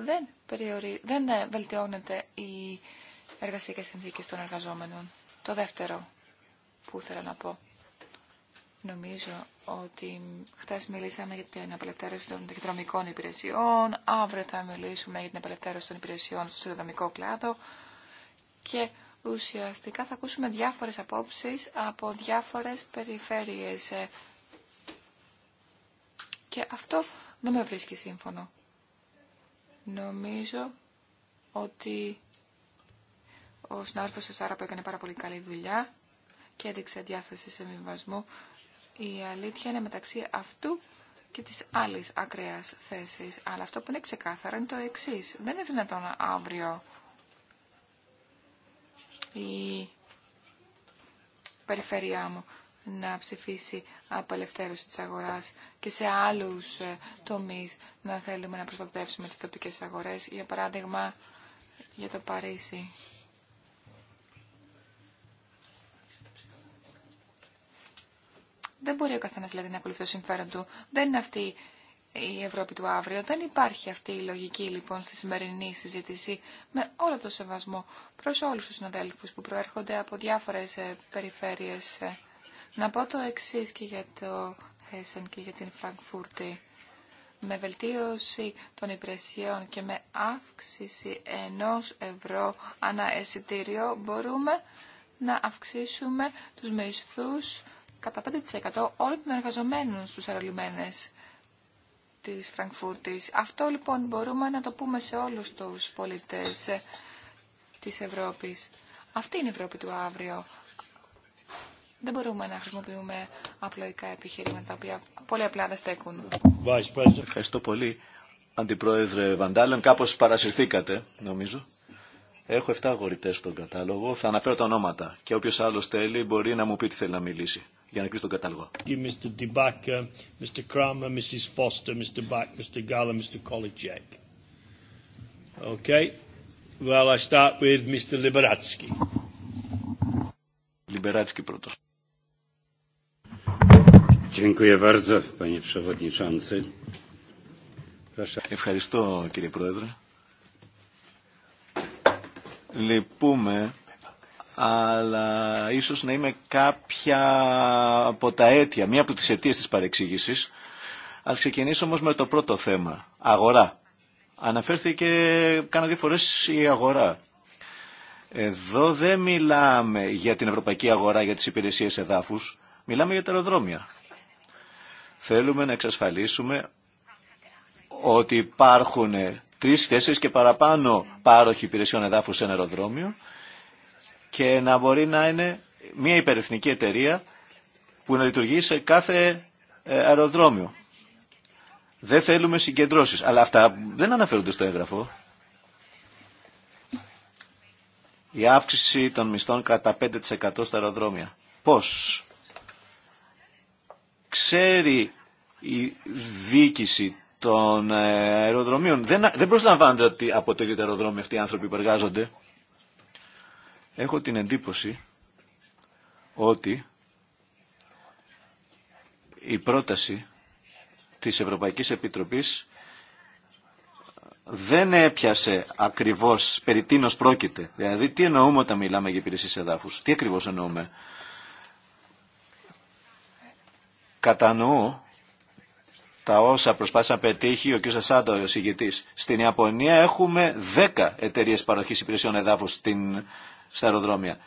δεν, περιορι... δεν ε, βελτιώνεται οι εργασιακές συνθήκες των εργαζόμενων. Το δεύτερο που ήθελα να πω. Νομίζω ότι χθε μιλήσαμε για την απελευθέρωση των ταχυδρομικών υπηρεσιών, αύριο θα μιλήσουμε για την απελευθέρωση των υπηρεσιών στο συνδρομικό κλάδο και ουσιαστικά θα ακούσουμε διάφορες απόψεις από διάφορες περιφέρειες. Ε. Και αυτό δεν με βρίσκει σύμφωνο. Νομίζω ότι ο συνάδελφος Σεσάρα που έκανε πάρα πολύ καλή δουλειά και έδειξε διάθεση σε βασμού Η αλήθεια είναι μεταξύ αυτού και της άλλης ακραίας θέσης. Αλλά αυτό που είναι ξεκάθαρο είναι το εξής. Δεν είναι δυνατόν αύριο η περιφερειά μου να ψηφίσει απελευθέρωση της αγοράς και σε άλλους ε, τομείς να θέλουμε να προστατεύσουμε τις τοπικές αγορές, για παράδειγμα για το Παρίσι. Δεν μπορεί ο καθένας δηλαδή να ακολουθεί το συμφέρον του. Δεν είναι αυτή η Ευρώπη του αύριο. Δεν υπάρχει αυτή η λογική λοιπόν στη σημερινή συζήτηση με όλο το σεβασμό προς όλους τους συναδέλφους που προέρχονται από διάφορες ε, περιφέρειες ε, να πω το εξή και για το Hessen και για την Φραγκφούρτη. Με βελτίωση των υπηρεσιών και με αύξηση ενός ευρώ ανά εισιτήριο μπορούμε να αυξήσουμε τους μισθούς κατά 5% όλων των εργαζομένων στους αερολιμένες της Φραγκφούρτης. Αυτό λοιπόν μπορούμε να το πούμε σε όλους τους πολίτες της Ευρώπης. Αυτή είναι η Ευρώπη του αύριο. Δεν μπορούμε να χρησιμοποιούμε απλοϊκά επιχειρήματα, τα οποία πολύ απλά δεν στέκουν. Ευχαριστώ πολύ. Αντιπρόεδρε Βαντάλεν, κάπως παρασυρθήκατε, νομίζω. Έχω 7 αγορητέ στον κατάλογο. Θα αναφέρω τα ονόματα. Και όποιο άλλο θέλει μπορεί να μου πει τι θέλει να μιλήσει. Για να κλείσει τον κατάλογο. Okay. Well, I start with Mr. Liberatsky. Liberatsky πρώτος. Ευχαριστώ κύριε Πρόεδρε. Λυπούμε, αλλά ίσως να είμαι κάποια από τα αίτια, μία από τις αιτίες της παρεξήγησης. Ας ξεκινήσω όμως με το πρώτο θέμα, αγορά. Αναφέρθηκε κάνα δύο φορές η αγορά. Εδώ δεν μιλάμε για την ευρωπαϊκή αγορά για τις υπηρεσίες εδάφους, μιλάμε για τα αεροδρόμια. Θέλουμε να εξασφαλίσουμε ότι υπάρχουν τρεις, θέσεις και παραπάνω πάροχοι υπηρεσιών εδάφου σε ένα αεροδρόμιο και να μπορεί να είναι μια υπερεθνική εταιρεία που να λειτουργεί σε κάθε ε, αεροδρόμιο. Δεν θέλουμε συγκεντρώσεις, αλλά αυτά δεν αναφέρονται στο έγγραφο. Η αύξηση των μισθών κατά 5% στα αεροδρόμια. Πώς ξέρει η διοίκηση των ε, αεροδρομίων. Δεν, δεν προσλαμβάνονται ότι από το ίδιο το αεροδρόμιο αυτοί οι άνθρωποι που εργάζονται. Έχω την εντύπωση ότι η πρόταση της Ευρωπαϊκής Επιτροπής δεν έπιασε ακριβώς περί τίνος πρόκειται. Δηλαδή τι εννοούμε όταν μιλάμε για υπηρεσίες εδάφους, τι ακριβώς εννοούμε. κατανοώ τα όσα προσπάθησε να πετύχει ο κ. Σάντο, ο Στην Ιαπωνία έχουμε 10 εταιρείε παροχή υπηρεσιών εδάφου στην... στα αεροδρόμια.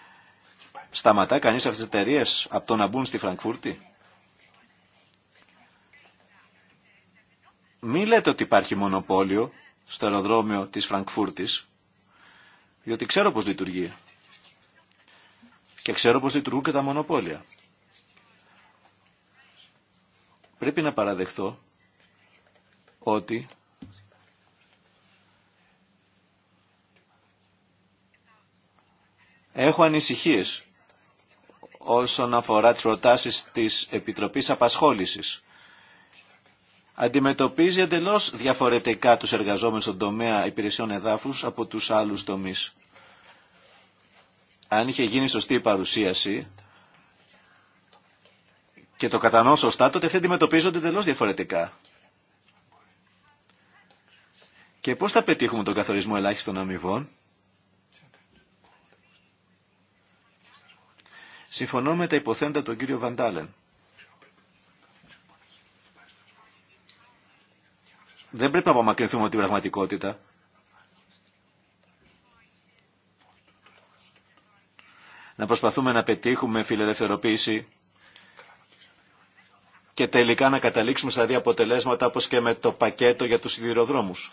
Σταματά κανεί αυτέ τι εταιρείε από το να μπουν στη Φραγκφούρτη. Μην λέτε ότι υπάρχει μονοπόλιο στο αεροδρόμιο της Φραγκφούρτη, διότι ξέρω πώς λειτουργεί. Και ξέρω πώ λειτουργούν και τα μονοπόλια. Πρέπει να παραδεχθώ ότι έχω ανησυχίες όσον αφορά τις προτάσεις της Επιτροπής Απασχόλησης. Αντιμετωπίζει εντελώ διαφορετικά τους εργαζόμενους στον τομέα υπηρεσιών εδάφους από τους άλλους τομείς. Αν είχε γίνει σωστή η παρουσίαση, και το κατανοώ σωστά, τότε αυτοί αντιμετωπίζονται εντελώ διαφορετικά. Και πώς θα πετύχουμε τον καθορισμό ελάχιστων αμοιβών. Συμφωνώ με τα υποθέντα του κύριο Βαντάλεν. Δεν πρέπει να απομακρυνθούμε από την πραγματικότητα. Να προσπαθούμε να πετύχουμε φιλελευθεροποίηση και τελικά να καταλήξουμε στα δύο αποτελέσματα όπως και με το πακέτο για τους σιδηροδρόμους.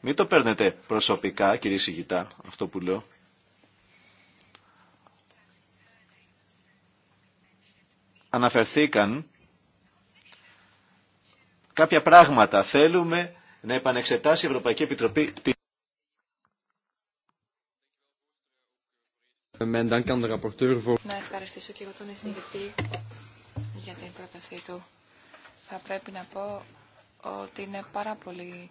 Μην το παίρνετε προσωπικά, κύριε Σιγητά, αυτό που λέω. Αναφερθήκαν κάποια πράγματα. Θέλουμε να επανεξετάσει η Ευρωπαϊκή Επιτροπή Να ευχαριστήσω και εγώ τον εισηγητή για την πρότασή του. Θα πρέπει να πω ότι είναι πάρα πολύ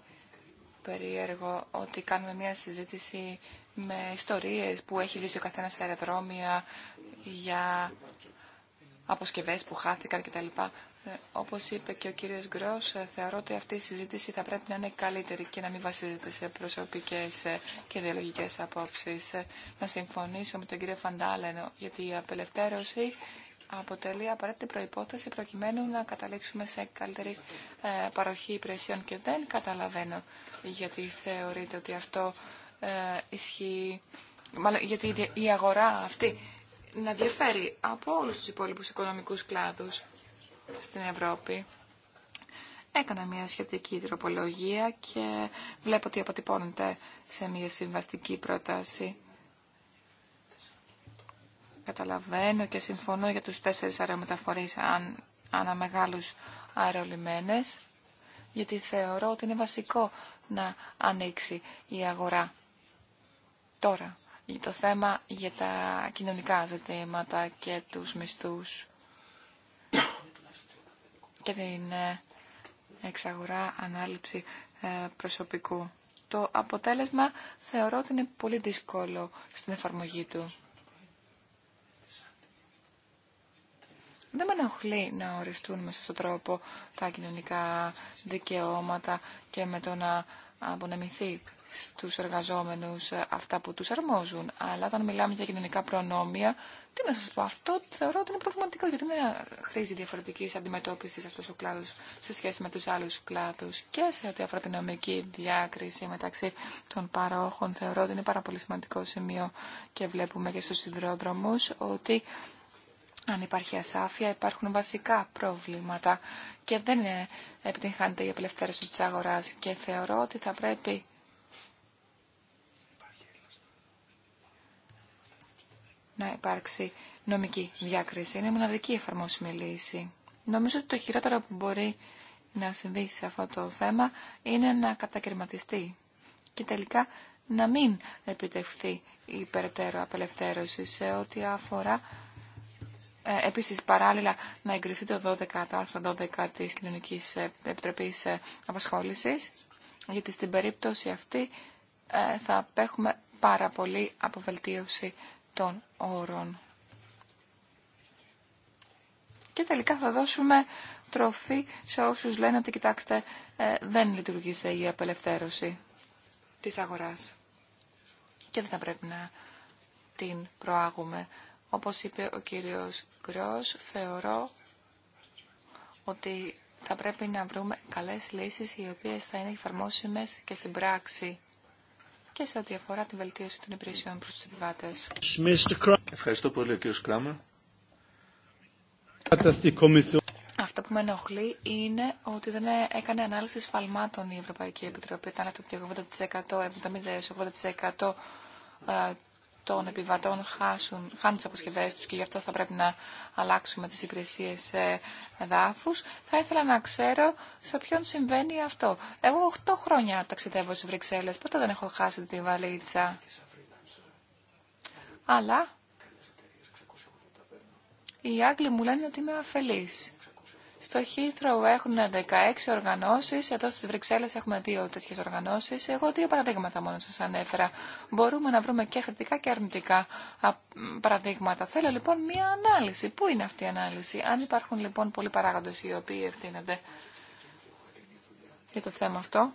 περίεργο ότι κάνουμε μια συζήτηση με ιστορίες που έχει ζήσει ο καθένας σε αεροδρόμια για αποσκευές που χάθηκαν κτλ. Ε, όπως είπε και ο κύριος Γκρός, ε, θεωρώ ότι αυτή η συζήτηση θα πρέπει να είναι καλύτερη και να μην βασίζεται σε προσωπικές ε, και ιδεολογικές απόψεις. Να συμφωνήσω με τον κύριο Φαντάλενο, γιατί η απελευθέρωση αποτελεί απαραίτητη προϋπόθεση προκειμένου να καταλήξουμε σε καλύτερη ε, παροχή υπηρεσιών και δεν καταλαβαίνω γιατί θεωρείτε ότι αυτό ε, ισχύει, γιατί η αγορά αυτή να διαφέρει από όλους τους υπόλοιπους οικονομικούς κλάδους στην Ευρώπη. Έκανα μια σχετική τροπολογία και βλέπω ότι αποτυπώνεται σε μια συμβαστική πρόταση. Καταλαβαίνω και συμφωνώ για τους τέσσερις αερομεταφορείς αν, ανά μεγάλους αερολιμένες, γιατί θεωρώ ότι είναι βασικό να ανοίξει η αγορά τώρα. Για το θέμα για τα κοινωνικά ζητήματα και τους μισθούς και την ε, εξαγορά ανάληψη ε, προσωπικού. Το αποτέλεσμα θεωρώ ότι είναι πολύ δύσκολο στην εφαρμογή του. Δεν με ενοχλεί να οριστούν με τον τρόπο τα κοινωνικά δικαιώματα και με το να απονεμηθεί στους εργαζόμενους αυτά που τους αρμόζουν. Αλλά όταν μιλάμε για κοινωνικά προνόμια, τι να σας πω, αυτό θεωρώ ότι είναι προβληματικό, γιατί δεν χρήζει διαφορετικής αντιμετώπισης αυτός ο κλάδος σε σχέση με τους άλλους κλάδους και σε ό,τι αφορά την νομική διάκριση μεταξύ των παρόχων. Θεωρώ ότι είναι πάρα πολύ σημαντικό σημείο και βλέπουμε και στους συνδρόδρομους ότι αν υπάρχει ασάφεια, υπάρχουν βασικά προβλήματα και δεν ε, επιτυγχάνεται η απελευθέρωση της αγοράς και θεωρώ ότι θα πρέπει να υπάρξει νομική διάκριση. Είναι μοναδική εφαρμόσιμη λύση. Νομίζω ότι το χειρότερο που μπορεί να συμβεί σε αυτό το θέμα είναι να κατακαιρματιστεί και τελικά να μην επιτευχθεί η υπεραιτέρω απελευθέρωση σε ό,τι αφορά ε, επίσης, παράλληλα, να εγκριθεί το, 12, το άρθρο 12 της Κοινωνικής ε, Επιτροπής ε, Απασχόλησης, γιατί στην περίπτωση αυτή θα απέχουμε πάρα πολύ από βελτίωση των όρων. Και τελικά θα δώσουμε τροφή σε όσους λένε ότι, κοιτάξτε, δεν λειτουργήσε η απελευθέρωση της αγοράς. Και δεν θα πρέπει να την προάγουμε όπως είπε ο κύριος Γκρός, θεωρώ ότι θα πρέπει να βρούμε καλές λύσεις οι οποίες θα είναι εφαρμόσιμες και στην πράξη και σε ό,τι αφορά την βελτίωση των υπηρεσιών προς τους επιβάτες. Ευχαριστώ πολύ, κύριος Κράμερ. Αυτό που με ενοχλεί είναι ότι δεν έκανε ανάλυση σφαλμάτων η Ευρωπαϊκή Επιτροπή. Ήταν αυτό το 80%, 70-80% των επιβατών χάσουν, χάνουν τι αποσκευέ τους και γι' αυτό θα πρέπει να αλλάξουμε τις υπηρεσίες εδάφου. Θα ήθελα να ξέρω σε ποιον συμβαίνει αυτό. Εγώ 8 χρόνια ταξιδεύω στις Βρυξέλλε. πότε δεν έχω χάσει τη βαλίτσα. Αλλά οι Άγγλοι μου λένε ότι είμαι αφελής. Στο Χήθρο έχουν 16 οργανώσεις, εδώ στις Βρυξέλλες έχουμε δύο τέτοιες οργανώσεις. Εγώ δύο παραδείγματα μόνο σας ανέφερα. Μπορούμε να βρούμε και θετικά και αρνητικά παραδείγματα. Θέλω λοιπόν μία ανάλυση. Πού είναι αυτή η ανάλυση. Αν υπάρχουν λοιπόν πολλοί παράγοντες οι οποίοι ευθύνονται για το θέμα αυτό.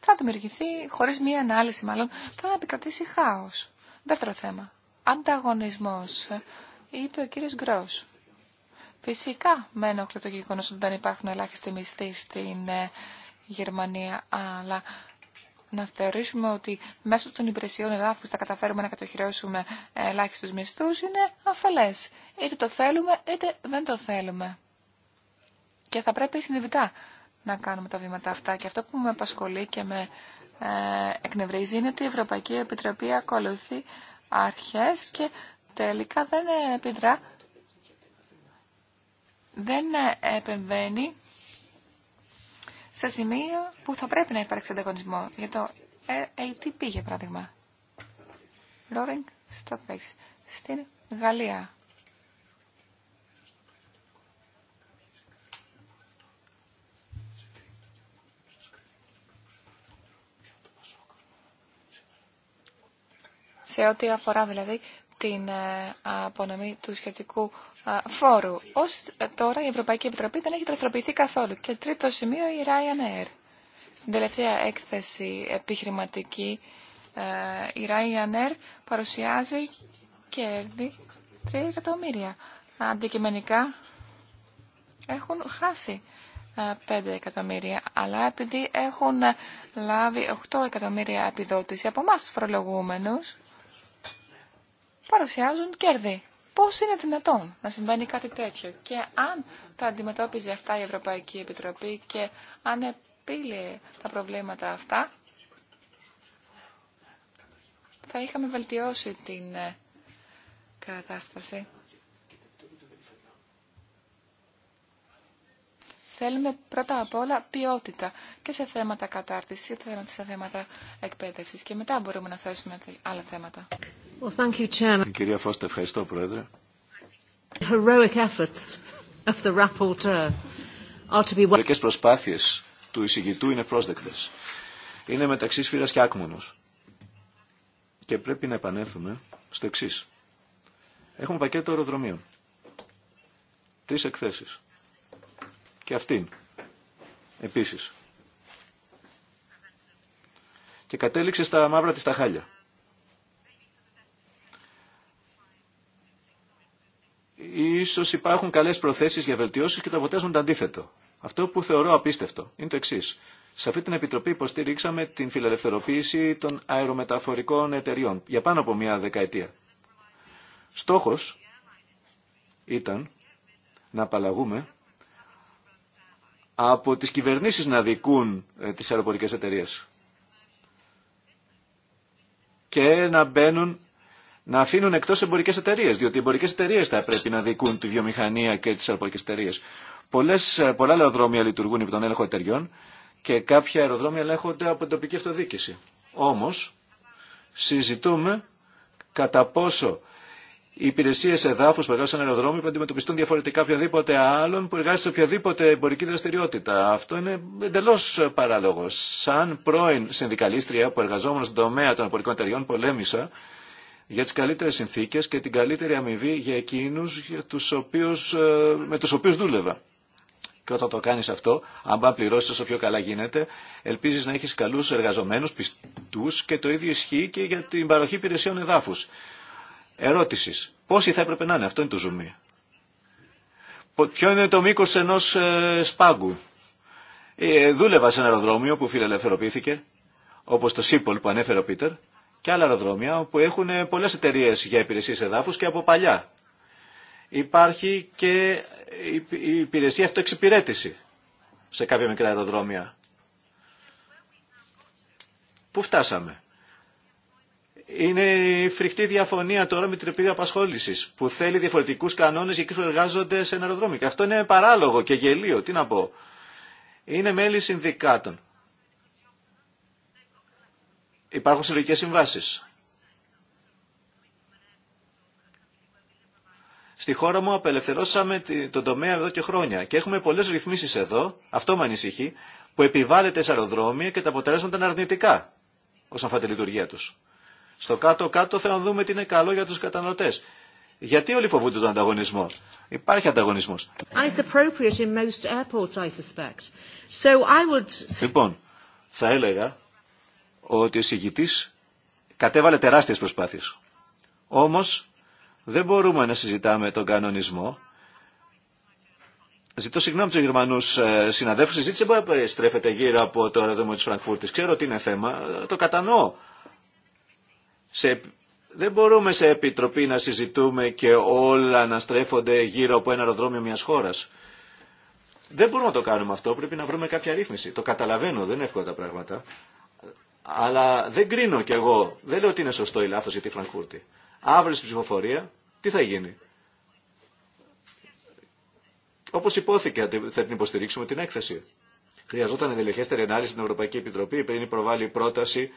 Θα δημιουργηθεί, χωρίς μία ανάλυση μάλλον, θα επικρατήσει χάος. Δεύτερο θέμα. Ανταγωνισμός είπε ο κύριος Γκρός. Φυσικά με ενοχλεί το γεγονό ότι δεν υπάρχουν ελάχιστοι μισθοί στην ε, Γερμανία, αλλά να θεωρήσουμε ότι μέσω των υπηρεσιών εδάφους θα καταφέρουμε να κατοχυρώσουμε ελάχιστους μισθούς είναι αφελές. Είτε το θέλουμε είτε δεν το θέλουμε. Και θα πρέπει συνειδητά να κάνουμε τα βήματα αυτά. Και αυτό που με απασχολεί και με ε, εκνευρίζει είναι ότι η Ευρωπαϊκή Επιτροπή ακολουθεί αρχές και τελικά δεν επιδρά, δεν επεμβαίνει σε σημείο που θα πρέπει να υπάρξει ανταγωνισμό. Για το RATP, για παράδειγμα. Roaring Stock στην Γαλλία. σε ό,τι αφορά δηλαδή την ε, απονομή του σχετικού φόρου. Ως ε, τώρα η Ευρωπαϊκή Επιτροπή δεν έχει τραστροποιηθεί καθόλου. Και τρίτο σημείο η Ryanair. Στην τελευταία έκθεση επιχειρηματική ε, η Ryanair παρουσιάζει κέρδη 3 εκατομμύρια. Αντικειμενικά έχουν χάσει 5 εκατομμύρια, αλλά επειδή έχουν λάβει 8 εκατομμύρια επιδότηση από εμάς φορολογούμενους, παρουσιάζουν κέρδη. Πώς είναι δυνατόν να συμβαίνει κάτι τέτοιο και αν τα αντιμετώπιζε αυτά η Ευρωπαϊκή Επιτροπή και αν επίλυε τα προβλήματα αυτά, θα είχαμε βελτιώσει την ε, κατάσταση. Θέλουμε πρώτα απ' όλα ποιότητα και σε θέματα κατάρτισης και σε θέματα εκπαίδευσης και μετά μπορούμε να θέσουμε άλλα θέματα. thank you, Chairman. Κυρία Φώστα, ευχαριστώ Πρόεδρε. Heroic efforts of the are to be... προσπάθειες του εισηγητού είναι πρόσδεκτες. Είναι μεταξύ σφύρας και άκμονος. Και πρέπει να επανέλθουμε στο εξή. Έχουμε πακέτο αεροδρομίων. Τρεις εκθέσεις και αυτήν επίσης. Και κατέληξε στα μαύρα της τα χάλια. Ίσως υπάρχουν καλές προθέσεις για βελτιώσεις και το αποτέλεσμα το αντίθετο. Αυτό που θεωρώ απίστευτο είναι το εξής. Σε αυτή την επιτροπή υποστήριξαμε την φιλελευθεροποίηση των αερομεταφορικών εταιριών για πάνω από μία δεκαετία. Στόχος ήταν να απαλλαγούμε από τις κυβερνήσεις να δικούν ε, τις αεροπορικές εταιρείες και να μπαίνουν να αφήνουν εκτός εμπορικές εταιρείες, διότι οι εμπορικές εταιρείες θα πρέπει να δικούν τη βιομηχανία και τις αεροπορικές εταιρείε. Ε, πολλά αεροδρόμια λειτουργούν υπό τον έλεγχο εταιριών και κάποια αεροδρόμια ελέγχονται από την τοπική αυτοδιοίκηση. Όμως, συζητούμε κατά πόσο οι υπηρεσίε εδάφου που εργάζονται σε ένα αεροδρόμιο αντιμετωπιστούν διαφορετικά οποιοδήποτε άλλον που εργάζεται σε οποιαδήποτε εμπορική δραστηριότητα. Αυτό είναι εντελώ παράλογο. Σαν πρώην συνδικαλίστρια που εργαζόμουν στον τομέα των εμπορικών εταιριών, πολέμησα για τι καλύτερε συνθήκε και την καλύτερη αμοιβή για εκείνου ε, με του οποίου δούλευα. Και όταν το κάνει αυτό, αν πάει πληρώσει όσο πιο καλά γίνεται, ελπίζει να έχει καλού εργαζομένου, πιστού και το ίδιο ισχύει και για την παροχή υπηρεσιών εδάφου. Ερώτηση. Πόσοι θα έπρεπε να είναι, αυτό είναι το ζουμί. Ποιο είναι το μήκος ενός ε, σπάγκου. Ε, δούλευα σε ένα αεροδρόμιο που φιλελευθερωποιήθηκε, όπως το Σίπολ που ανέφερε ο Πίτερ, και άλλα αεροδρόμια που έχουν ε, πολλές εταιρείε για υπηρεσίε εδάφους και από παλιά. Υπάρχει και η υπηρεσία αυτοεξυπηρέτηση σε κάποια μικρά αεροδρόμια. Πού φτάσαμε είναι η φρικτή διαφωνία τώρα με την Επιτροπή Απασχόληση που θέλει διαφορετικού κανόνε για εκείνου που εργάζονται σε ένα αεροδρόμιο. Και αυτό είναι παράλογο και γελίο. Τι να πω. Είναι μέλη συνδικάτων. Υπάρχουν συλλογικέ συμβάσει. Στη χώρα μου απελευθερώσαμε τον τομέα εδώ και χρόνια και έχουμε πολλέ ρυθμίσει εδώ, αυτό με ανησυχεί, που επιβάλλεται σε αεροδρόμια και τα αποτελέσματα είναι αρνητικά όσον αφορά τη λειτουργία του. Στο κάτω-κάτω θέλω να δούμε τι είναι καλό για τους καταναλωτές. Γιατί όλοι φοβούνται τον ανταγωνισμό. Υπάρχει ανταγωνισμός. Λοιπόν, θα έλεγα ότι ο συγητής κατέβαλε τεράστιες προσπάθειες. Όμως δεν μπορούμε να συζητάμε τον κανονισμό. Ζητώ συγγνώμη του Γερμανού ε, συναδέλφου. Η συζήτηση μπορεί να περιστρέφεται γύρω από το αεροδρόμιο τη Φραγκφούρτη. Ξέρω ότι είναι θέμα. Ε, το κατανοώ σε, δεν μπορούμε σε επιτροπή να συζητούμε και όλα να στρέφονται γύρω από ένα αεροδρόμιο μιας χώρας. Δεν μπορούμε να το κάνουμε αυτό, πρέπει να βρούμε κάποια ρύθμιση. Το καταλαβαίνω, δεν είναι εύκολα τα πράγματα. Αλλά δεν κρίνω κι εγώ, δεν λέω ότι είναι σωστό ή λάθος για τη Φραγκούρτη. Αύριο στην ψηφοφορία, τι θα γίνει. Όπω υπόθηκε, θα την υποστηρίξουμε την έκθεση. Χρειαζόταν ενδελεχέστερη ανάλυση στην Ευρωπαϊκή Επιτροπή πριν προβάλλει πρόταση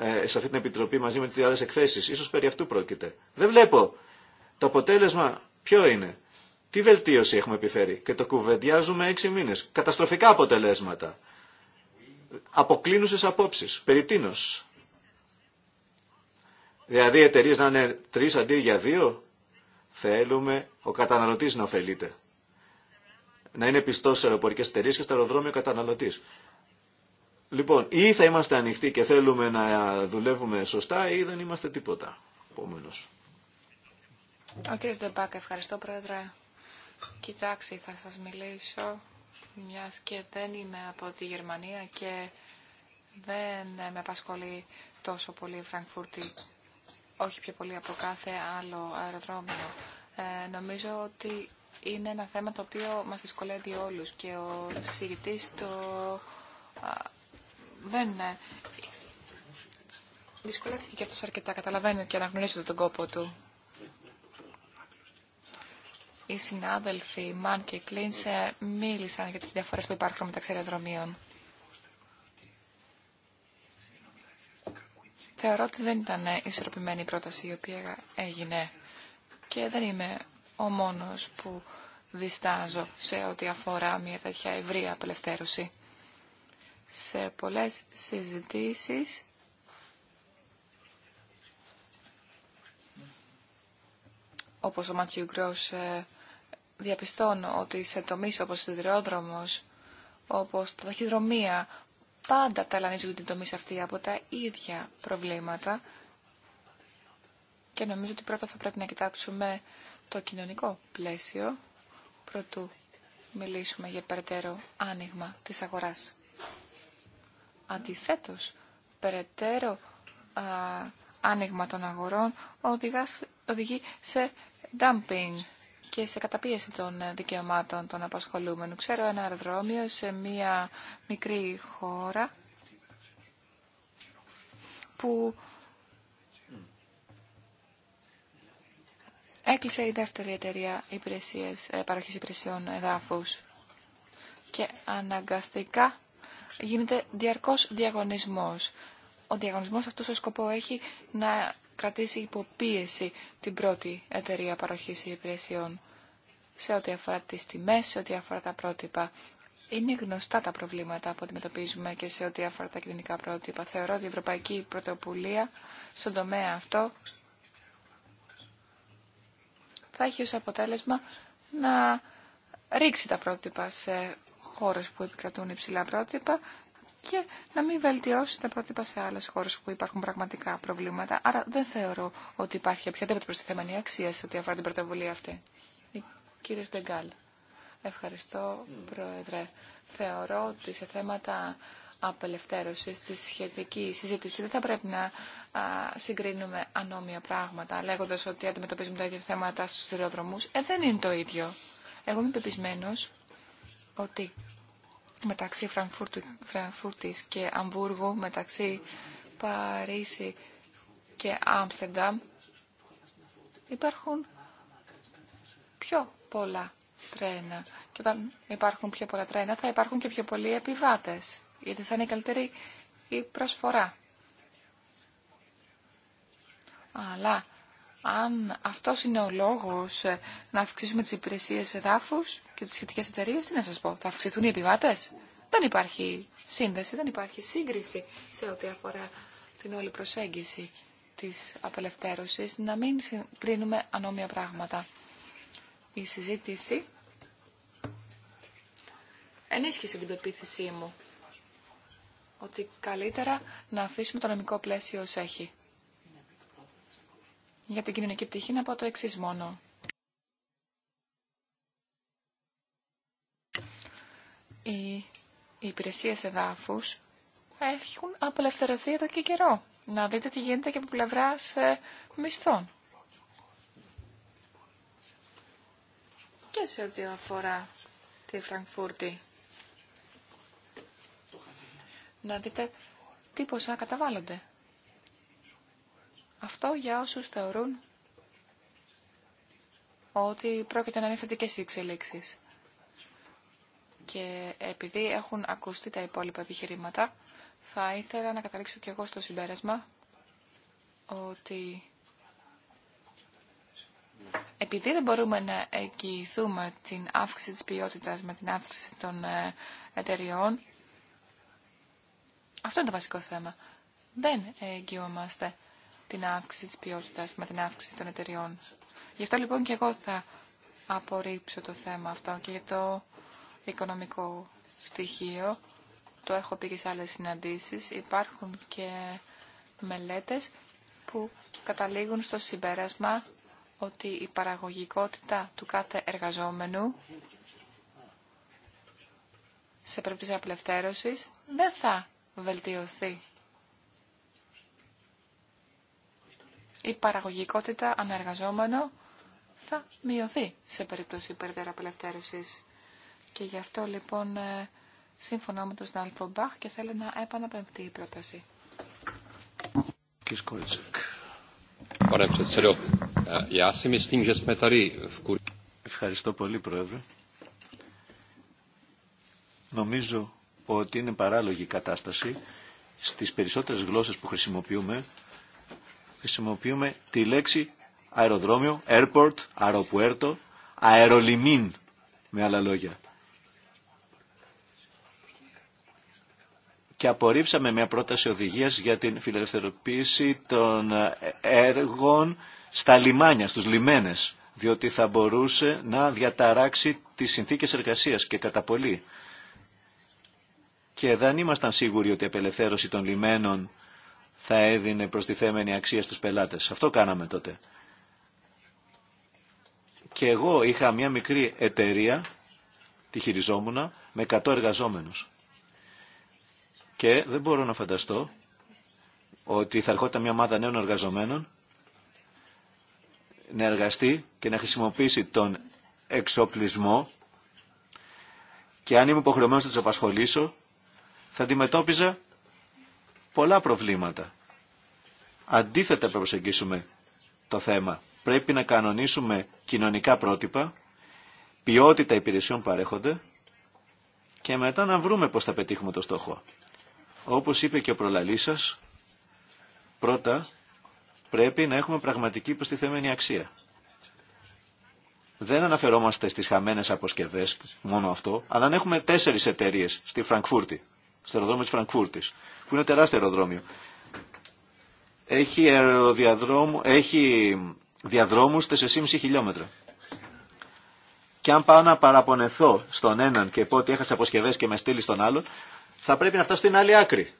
ε, σε αυτή την επιτροπή μαζί με τι άλλε εκθέσει. σω περί αυτού πρόκειται. Δεν βλέπω. Το αποτέλεσμα ποιο είναι. Τι βελτίωση έχουμε επιφέρει και το κουβεντιάζουμε έξι μήνε. Καταστροφικά αποτελέσματα. Αποκλίνουσε απόψει. Περί Δηλαδή Δηλαδή εταιρείε να είναι τρει αντί για δύο. Θέλουμε ο καταναλωτή να ωφελείται. Να είναι πιστό στι αεροπορικέ εταιρείε και στα αεροδρόμια καταναλωτή. Λοιπόν, ή θα είμαστε ανοιχτοί και θέλουμε να δουλεύουμε σωστά ή δεν είμαστε τίποτα. Επόμενο. Ο κ. Ντεμπάκ, ευχαριστώ πρόεδρε. Κοιτάξτε, θα σας μιλήσω, μιας και δεν είμαι από τη Γερμανία και δεν με απασχολεί τόσο πολύ η Φραγκφούρτη, όχι πιο πολύ από κάθε άλλο αεροδρόμιο. Ε, νομίζω ότι είναι ένα θέμα το οποίο μας δυσκολεύει όλους και ο συγητής το δεν ε, δυσκολεύτηκε και αυτός αρκετά. Καταλαβαίνω και αναγνωρίζετε τον κόπο του. Οι συνάδελφοι Μαν και Κλίνσε μίλησαν για τις διαφορές που υπάρχουν μεταξύ αεροδρομίων. Θεωρώ ότι δεν ήταν ισορροπημένη η πρόταση η οποία έγινε και δεν είμαι ο μόνος που διστάζω σε ό,τι αφορά μια τέτοια ευρία απελευθέρωση σε πολλές συζητήσεις όπως ο Ματιού Γκρός ε, διαπιστώνω ότι σε τομείς όπως ο σιδηρόδρομος, όπως τα ταχυδρομεία, πάντα ταλανίζονται την τομείς αυτή από τα ίδια προβλήματα και νομίζω ότι πρώτα θα πρέπει να κοιτάξουμε το κοινωνικό πλαίσιο πρωτού μιλήσουμε για περαιτέρω άνοιγμα της αγοράς. Αντιθέτως, περαιτέρω α, άνοιγμα των αγορών οδηγεί σε dumping και σε καταπίεση των δικαιωμάτων των απασχολούμενων. Ξέρω ένα αεροδρόμιο σε μία μικρή χώρα που έκλεισε η δεύτερη εταιρεία υπηρεσίες, ε, παροχής υπηρεσιών εδάφους και αναγκαστικά γίνεται διαρκώς διαγωνισμός. Ο διαγωνισμός αυτός ο σκοπό έχει να κρατήσει υποπίεση την πρώτη εταιρεία παροχής υπηρεσιών σε ό,τι αφορά τις τιμές, σε ό,τι αφορά τα πρότυπα. Είναι γνωστά τα προβλήματα που αντιμετωπίζουμε και σε ό,τι αφορά τα κλινικά πρότυπα. Θεωρώ ότι η Ευρωπαϊκή πρωτοπουλία στον τομέα αυτό θα έχει ως αποτέλεσμα να ρίξει τα πρότυπα σε χώρες που επικρατούν υψηλά πρότυπα και να μην βελτιώσει τα πρότυπα σε άλλες χώρες που υπάρχουν πραγματικά προβλήματα. Άρα δεν θεωρώ ότι υπάρχει οποιαδήποτε προστιθέμενη αξία σε ό,τι αφορά την πρωτοβουλία αυτή. Κύριε Στεγκάλ, ευχαριστώ Πρόεδρε. Θεωρώ ότι σε θέματα απελευθέρωσης τη σχετική συζήτηση δεν θα πρέπει να συγκρίνουμε ανώμια πράγματα λέγοντας ότι αντιμετωπίζουμε τα ίδια θέματα στους σιδηροδρομούς. Ε, δεν είναι το ίδιο. Εγώ είμαι πεπισμένο ότι μεταξύ Φραγκφούρτης και Αμβούργου, μεταξύ Παρίσι και Άμστερνταμ υπάρχουν πιο πολλά τρένα. Και όταν υπάρχουν πιο πολλά τρένα θα υπάρχουν και πιο πολλοί επιβάτες, γιατί θα είναι καλύτερη η προσφορά. Αλλά αν αυτό είναι ο λόγος ε, να αυξήσουμε τις υπηρεσίε εδάφου και τις σχετικές εταιρείε, τι να σα πω, θα αυξηθούν οι επιβάτες. Δεν υπάρχει σύνδεση, δεν υπάρχει σύγκριση σε ό,τι αφορά την όλη προσέγγιση της απελευθέρωσης, να μην κρίνουμε ανώμια πράγματα. Η συζήτηση ενίσχυσε την πεποίθησή μου ότι καλύτερα να αφήσουμε το νομικό πλαίσιο ως έχει για την κοινωνική πτυχή να πω το εξή μόνο. Οι, υπηρεσίε εδάφου έχουν απελευθερωθεί εδώ και καιρό. Να δείτε τι γίνεται και από πλευρά ε, μισθών. Και σε ό,τι αφορά τη Φραγκφούρτη. Να δείτε τι ποσά καταβάλλονται. Αυτό για όσους θεωρούν ότι πρόκειται να είναι θετικές οι εξελίξεις. Και επειδή έχουν ακουστεί τα υπόλοιπα επιχειρήματα, θα ήθελα να καταλήξω και εγώ στο συμπέρασμα ότι επειδή δεν μπορούμε να εγγυηθούμε την αύξηση της ποιότητας με την αύξηση των ε, εταιριών, αυτό είναι το βασικό θέμα. Δεν εγγυόμαστε την αύξηση της ποιότητας με την αύξηση των εταιριών. Γι' αυτό λοιπόν και εγώ θα απορρίψω το θέμα αυτό και για το οικονομικό στοιχείο. Το έχω πει και σε άλλες συναντήσεις. Υπάρχουν και μελέτες που καταλήγουν στο συμπέρασμα ότι η παραγωγικότητα του κάθε εργαζόμενου σε περίπτωση απελευθέρωσης δεν θα βελτιωθεί η παραγωγικότητα αναεργαζόμενο θα μειωθεί σε περίπτωση υπερβέρα απελευθέρωσης. Και γι' αυτό λοιπόν ε, σύμφωνα με τον Σνάλφο Μπαχ και θέλω να επαναπεμφθεί η πρόταση. Ευχαριστώ πολύ, Πρόεδρε. Νομίζω ότι είναι παράλογη η κατάσταση. Στις περισσότερες γλώσσες που χρησιμοποιούμε χρησιμοποιούμε τη λέξη αεροδρόμιο, airport, αεροπουέρτο, αερολιμίν, με άλλα λόγια. Και απορρίψαμε μια πρόταση οδηγίας για την φιλελευθεροποίηση των έργων στα λιμάνια, στους λιμένες, διότι θα μπορούσε να διαταράξει τις συνθήκες εργασίας και κατά πολύ. Και δεν ήμασταν σίγουροι ότι η απελευθέρωση των λιμένων θα έδινε προστιθέμενη αξία στους πελάτες. Αυτό κάναμε τότε. Και εγώ είχα μια μικρή εταιρεία, τη χειριζόμουνα, με 100 εργαζόμενους. Και δεν μπορώ να φανταστώ ότι θα ερχόταν μια ομάδα νέων εργαζομένων να εργαστεί και να χρησιμοποιήσει τον εξοπλισμό και αν είμαι υποχρεωμένος να τους απασχολήσω θα αντιμετώπιζα πολλά προβλήματα. Αντίθετα πρέπει να προσεγγίσουμε το θέμα. Πρέπει να κανονίσουμε κοινωνικά πρότυπα, ποιότητα υπηρεσιών παρέχονται και μετά να βρούμε πώς θα πετύχουμε το στόχο. Όπως είπε και ο προλαλής σας, πρώτα πρέπει να έχουμε πραγματική υποστηθέμενη αξία. Δεν αναφερόμαστε στις χαμένες αποσκευές, μόνο αυτό, αλλά αν έχουμε τέσσερις εταιρείες στη Φραγκφούρτη στο αεροδρόμιο τη Φραγκφούρτη, που είναι τεράστιο αεροδρόμιο. Έχει, έχει διαδρόμους 4,5 χιλιόμετρα. Και αν πάω να παραπονεθώ στον έναν και πω ότι έχασα αποσκευέ και με στείλει στον άλλον, θα πρέπει να φτάσω στην άλλη άκρη.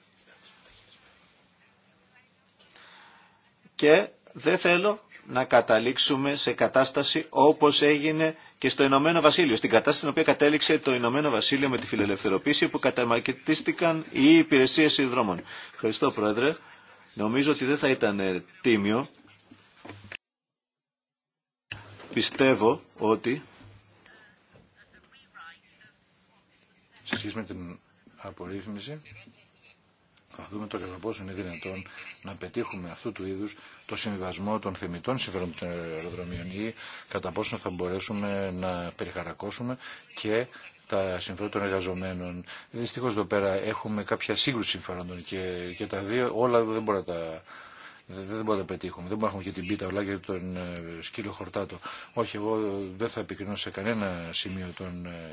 Και δεν θέλω να καταλήξουμε σε κατάσταση όπως έγινε και στο Ηνωμένο Βασίλειο, στην κατάσταση στην οποία κατέληξε το Ηνωμένο Βασίλειο με τη φιλελευθερωποίηση που καταμακετίστηκαν οι υπηρεσίε συνδρόμων. Ευχαριστώ, Πρόεδρε. Νομίζω ότι δεν θα ήταν ε, τίμιο. Πιστεύω ότι. Σε σχέση με την απορρίθμιση θα δούμε το κατά πόσο είναι δυνατόν να πετύχουμε αυτού του είδους το συμβιβασμό των θεμητών συμφερόντων των αεροδρομίων ή κατά πόσο θα μπορέσουμε να περιχαρακώσουμε και τα συμφέροντα των εργαζομένων. Δυστυχώς εδώ πέρα έχουμε κάποια σύγκρουση συμφέροντων και, και τα δύο όλα δεν μπορούμε να τα δεν μπορούμε πετύχουμε. Δεν μπορούμε να έχουμε και την πίτα ολά και τον ε, σκύλο χορτάτο. Όχι, εγώ δεν θα επικρινώ σε κανένα σημείο τον ε,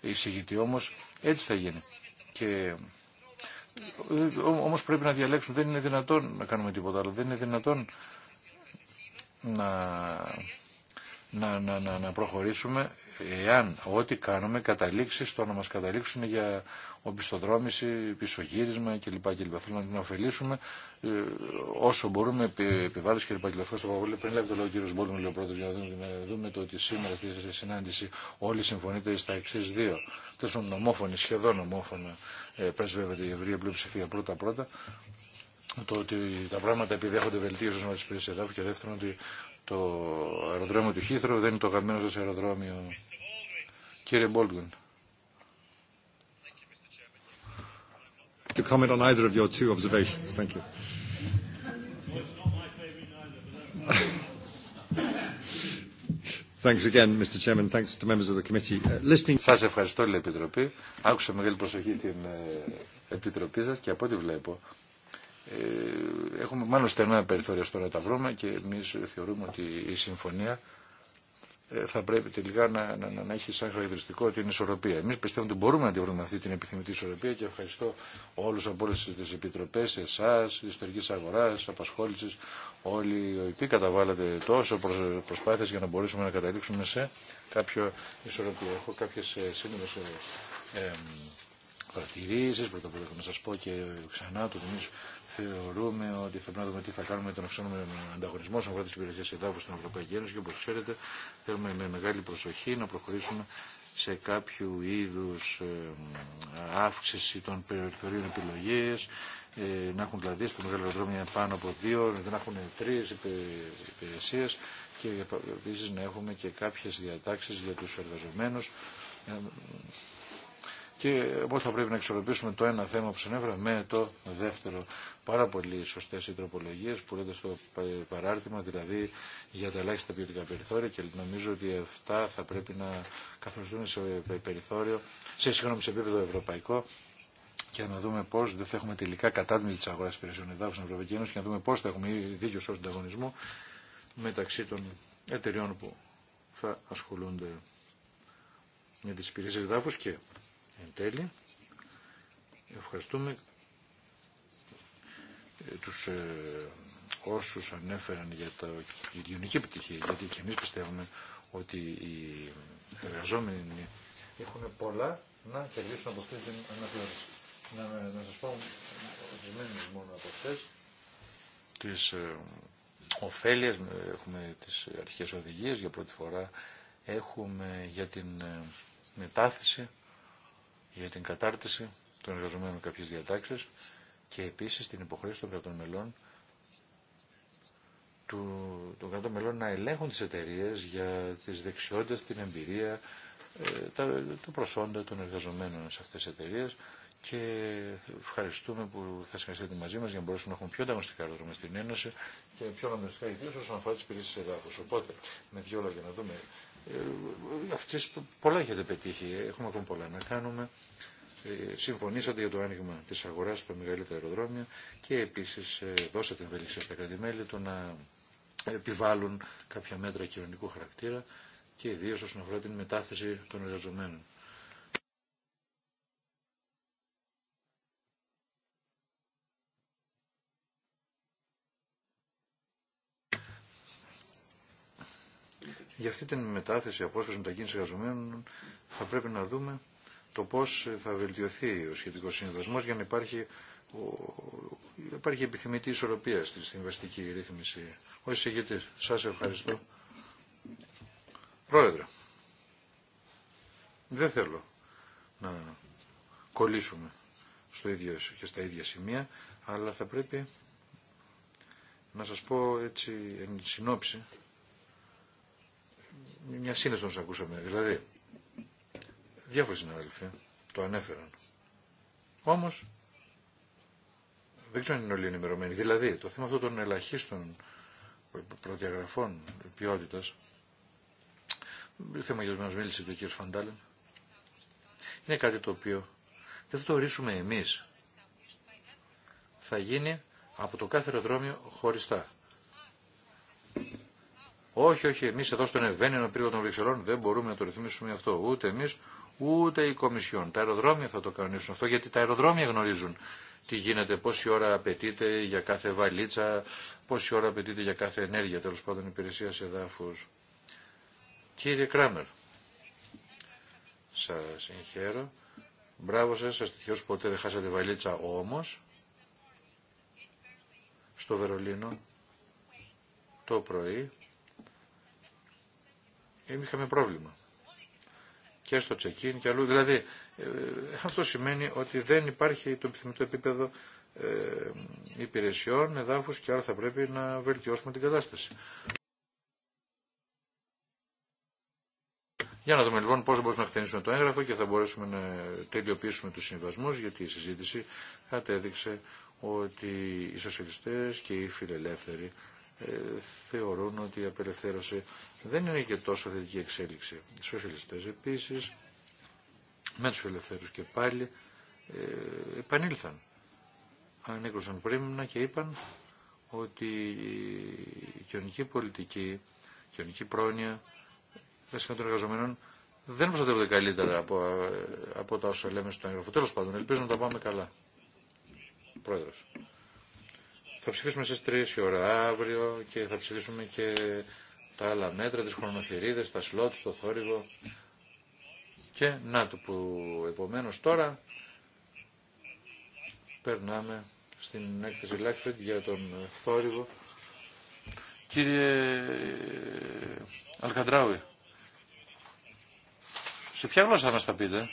εισηγητή, όμως έτσι θα γίνει. Και όμως πρέπει να διαλέξουμε Δεν είναι δυνατόν να κάνουμε τίποτα άλλο. Δεν είναι δυνατόν να, να, να, να, προχωρήσουμε εάν ό,τι κάνουμε καταλήξει στο να μας καταλήξουν για οπισθοδρόμηση, πισωγύρισμα κλπ. κλπ. Θέλω να την ωφελήσουμε ε, όσο μπορούμε επι, και κλπ. κλπ. Στο πριν λέει το λόγο ο κύριος Μπόλμου, λέω πρώτος, για να δούμε, το ότι σήμερα στη συνάντηση όλοι συμφωνείτε στα εξή δύο. Τόσο νομόφωνοι, σχεδόν ομόφωνα ε, πρεσβεύεται η ευρεία πλειοψηφία πρώτα-πρώτα το ότι τα πράγματα επιδέχονται έχονται βελτίωση με τις πλήρες εδάφου και δεύτερον ότι το αεροδρόμιο του Χήθρο δεν είναι το αγαπημένο σας αεροδρόμιο. Κύριε Μπόλγκουν. To comment on either of your Thanks Σας ευχαριστώ, λέει η Επιτροπή. Άκουσα μεγάλη προσοχή την ε, Επιτροπή σας και από ό,τι βλέπω ε, έχουμε μάλλον στενά περιθώρια στο να τα βρούμε και εμείς θεωρούμε ότι η συμφωνία ε, θα πρέπει τελικά να, να, να, έχει σαν χαρακτηριστικό την ισορροπία. Εμείς πιστεύουμε ότι μπορούμε να τη βρούμε αυτή την επιθυμητή ισορροπία και ευχαριστώ όλους από όλες τις επιτροπές, εσάς, της ιστορικής αγοράς, απασχόλησης, όλοι οι οποίοι καταβάλλατε τόσο προσπάθειες για να μπορέσουμε να καταλήξουμε σε κάποιο ισορροπία. Έχω κάποιες ε, σύντομες ε, ε, παρατηρήσεις, πρώτα απ' όλα να σας πω και ξανά το εμείς θεωρούμε ότι θα πρέπει να δούμε τι θα κάνουμε με τον αυξανόμενο ανταγωνισμό στον αφορά τις υπηρεσίες εδάφου στην Ευρωπαϊκή Ένωση και όπω ξέρετε θέλουμε με μεγάλη προσοχή να προχωρήσουμε σε κάποιο είδους ε, αύξηση των περιθωρίων επιλογής, ε, να έχουν δηλαδή στο μεγάλο αεροδρόμιο πάνω από δύο, να έχουν τρει υπηρεσίε και επίση να έχουμε και κάποιε διατάξει για τους εργαζόμενου. Ε, και οπότε θα πρέπει να εξορροπήσουμε το ένα θέμα που συνέβρα με το δεύτερο. Πάρα πολύ σωστέ οι τροπολογίε που λέτε στο παράρτημα, δηλαδή για τα ελάχιστα ποιοτικά περιθώρια και νομίζω ότι αυτά θα πρέπει να καθοριστούν σε περιθώριο, σε συγγνώμη, σε επίπεδο ευρωπαϊκό και να δούμε πώ δεν θα έχουμε τελικά κατάδημη τη αγορά υπηρεσιών εδάφου στην Ευρωπαϊκή Ένωση και να δούμε πώ θα έχουμε δίκιο στον ανταγωνισμό μεταξύ των εταιριών που θα ασχολούνται με τι υπηρεσίε εδάφου και εν τέλει ευχαριστούμε ε, του ε, όσους ανέφεραν για τα κοινωνική επιτυχία, γιατί και εμεί πιστεύουμε ότι οι εργαζόμενοι έχουν πολλά να κερδίσουν από αυτή την αναπλήρωση να, να σας πω ορισμένες μόνο από αυτές τις ε, έχουμε τις αρχές οδηγίες για πρώτη φορά, έχουμε για την ε, μετάθεση, για την κατάρτιση των εργαζομένων με κάποιες διατάξεις και επίσης την υποχρέωση των κρατών μελών του, των κρατών μελών να ελέγχουν τις εταιρείε για τις δεξιότητες, την εμπειρία, ε, τα, προσόντα των εργαζομένων σε αυτές τις εταιρείε και ευχαριστούμε που θα συνεχίσετε μαζί μα για να μπορέσουμε να έχουμε πιο ανταγωνιστικά αεροδρόμια στην Ένωση και πιο ανταγωνιστικά ιδίω όσον αφορά τι υπηρεσίε εδάφου. Οπότε, με δύο λόγια να δούμε. Ε, αυτές πολλά έχετε πετύχει, έχουμε ακόμα πολλά να κάνουμε. Ε, συμφωνήσατε για το άνοιγμα τη αγορά στα μεγαλύτερα αεροδρόμια και επίση ε, δώσατε ευελιξία στα κρατημέλη του να επιβάλλουν κάποια μέτρα κοινωνικού χαρακτήρα και ιδίω όσον αφορά την μετάθεση των εργαζομένων. για αυτή την μετάθεση απόσπαση μετακίνηση εργαζομένων θα πρέπει να δούμε το πώς θα βελτιωθεί ο σχετικό συνδεσμός για να υπάρχει, υπάρχει επιθυμητή ισορροπία στη συμβαστική ρύθμιση. Ο εισηγητή, σας ευχαριστώ. Πρόεδρε, δεν θέλω να κολλήσουμε στο ίδιο και στα ίδια σημεία, αλλά θα πρέπει να σας πω έτσι εν συνόψη μια σύνδεση σας ακούσαμε. Δηλαδή, διάφοροι συναδέλφοι το ανέφεραν. Όμως, δεν ξέρω αν είναι όλοι ενημερωμένοι. Δηλαδή, το θέμα αυτό των ελαχίστων προδιαγραφών ποιότητα, θέμα για το οποίο μα μίλησε ο κ. Φαντάλεν, είναι κάτι το οποίο δεν θα το ορίσουμε εμείς. Θα γίνει από το κάθε αεροδρόμιο χωριστά. Όχι, όχι, εμεί εδώ στον Ευβαίνινο πύργο των Βρυξελών δεν μπορούμε να το ρυθμίσουμε αυτό. Ούτε εμεί, ούτε η Κομισιόν. Τα αεροδρόμια θα το κανονίσουν αυτό, γιατί τα αεροδρόμια γνωρίζουν τι γίνεται, πόση ώρα απαιτείται για κάθε βαλίτσα, πόση ώρα απαιτείται για κάθε ενέργεια, τέλο πάντων υπηρεσία εδάφου. Κύριε Κράμερ, σα συγχαίρω. Μπράβο σα, σα τυχαίω ποτέ δεν χάσατε βαλίτσα όμω. Στο Βερολίνο το πρωί είχαμε πρόβλημα. Και στο check και αλλού. Δηλαδή, ε, αυτό σημαίνει ότι δεν υπάρχει το επιθυμητό επίπεδο ε, υπηρεσιών, εδάφους και άρα θα πρέπει να βελτιώσουμε την κατάσταση. Για να δούμε λοιπόν πώς μπορούμε να χτενίσουμε το έγγραφο και θα μπορέσουμε να τελειοποιήσουμε τους συμβασμούς γιατί η συζήτηση κατέδειξε ότι οι σοσιαλιστές και οι φιλελεύθεροι ε, θεωρούν ότι η απελευθέρωση δεν είναι και τόσο θετική εξέλιξη. Οι σοσιαλιστές επίσης, με τους ελευθέρους και πάλι, ε, επανήλθαν. Ανήκουσαν πρίμνα και είπαν ότι η κοινωνική πολιτική, η κοινωνική πρόνοια των εργαζομένων δεν προστατεύονται καλύτερα από, ε, από τα όσα λέμε στον έγγραφο. Τέλος πάντων, ελπίζω να τα πάμε καλά. Πρόεδρος. Θα ψηφίσουμε στις 3 η ώρα αύριο και θα ψηφίσουμε και τα άλλα μέτρα, τις χρονοθυρίδες, τα σλότ, το θόρυβο. Και να το που επομένως τώρα περνάμε στην έκθεση Λάκφριντ για τον θόρυβο. Κύριε Αλχαντράουι, σε ποια γλώσσα μας τα πείτε.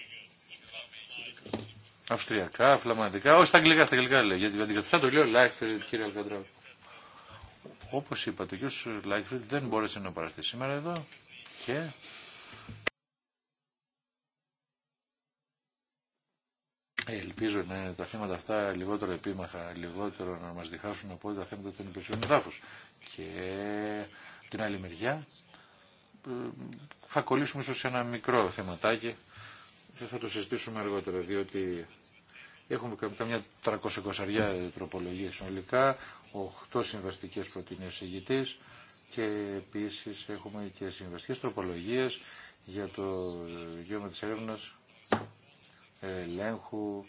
Αυστριακά, φλαμανδικά, όχι στα αγγλικά, στα αγγλικά λέει, γιατί αντικαθιστά το λέω Λάιχφριντ, κύριε Αλκαντράου. Όπως είπατε, ο κ. Λάιχφριντ δεν μπόρεσε να παραστεί σήμερα εδώ και Ελπίζω να είναι τα θέματα αυτά λιγότερο επίμαχα, λιγότερο να μας διχάσουν από τα θέματα των υπηρεσιών εδάφους. Και την άλλη μεριά ε, θα κολλήσουμε ίσως σε ένα μικρό θεματάκι και θα το συζητήσουμε αργότερα, διότι Έχουμε καμιά 320 τροπολογίες συνολικά, 8 συμβαστικές ο ηγητής και επίσης έχουμε και συμβαστικές τροπολογίες για το γεώμα της έρευνας ελέγχου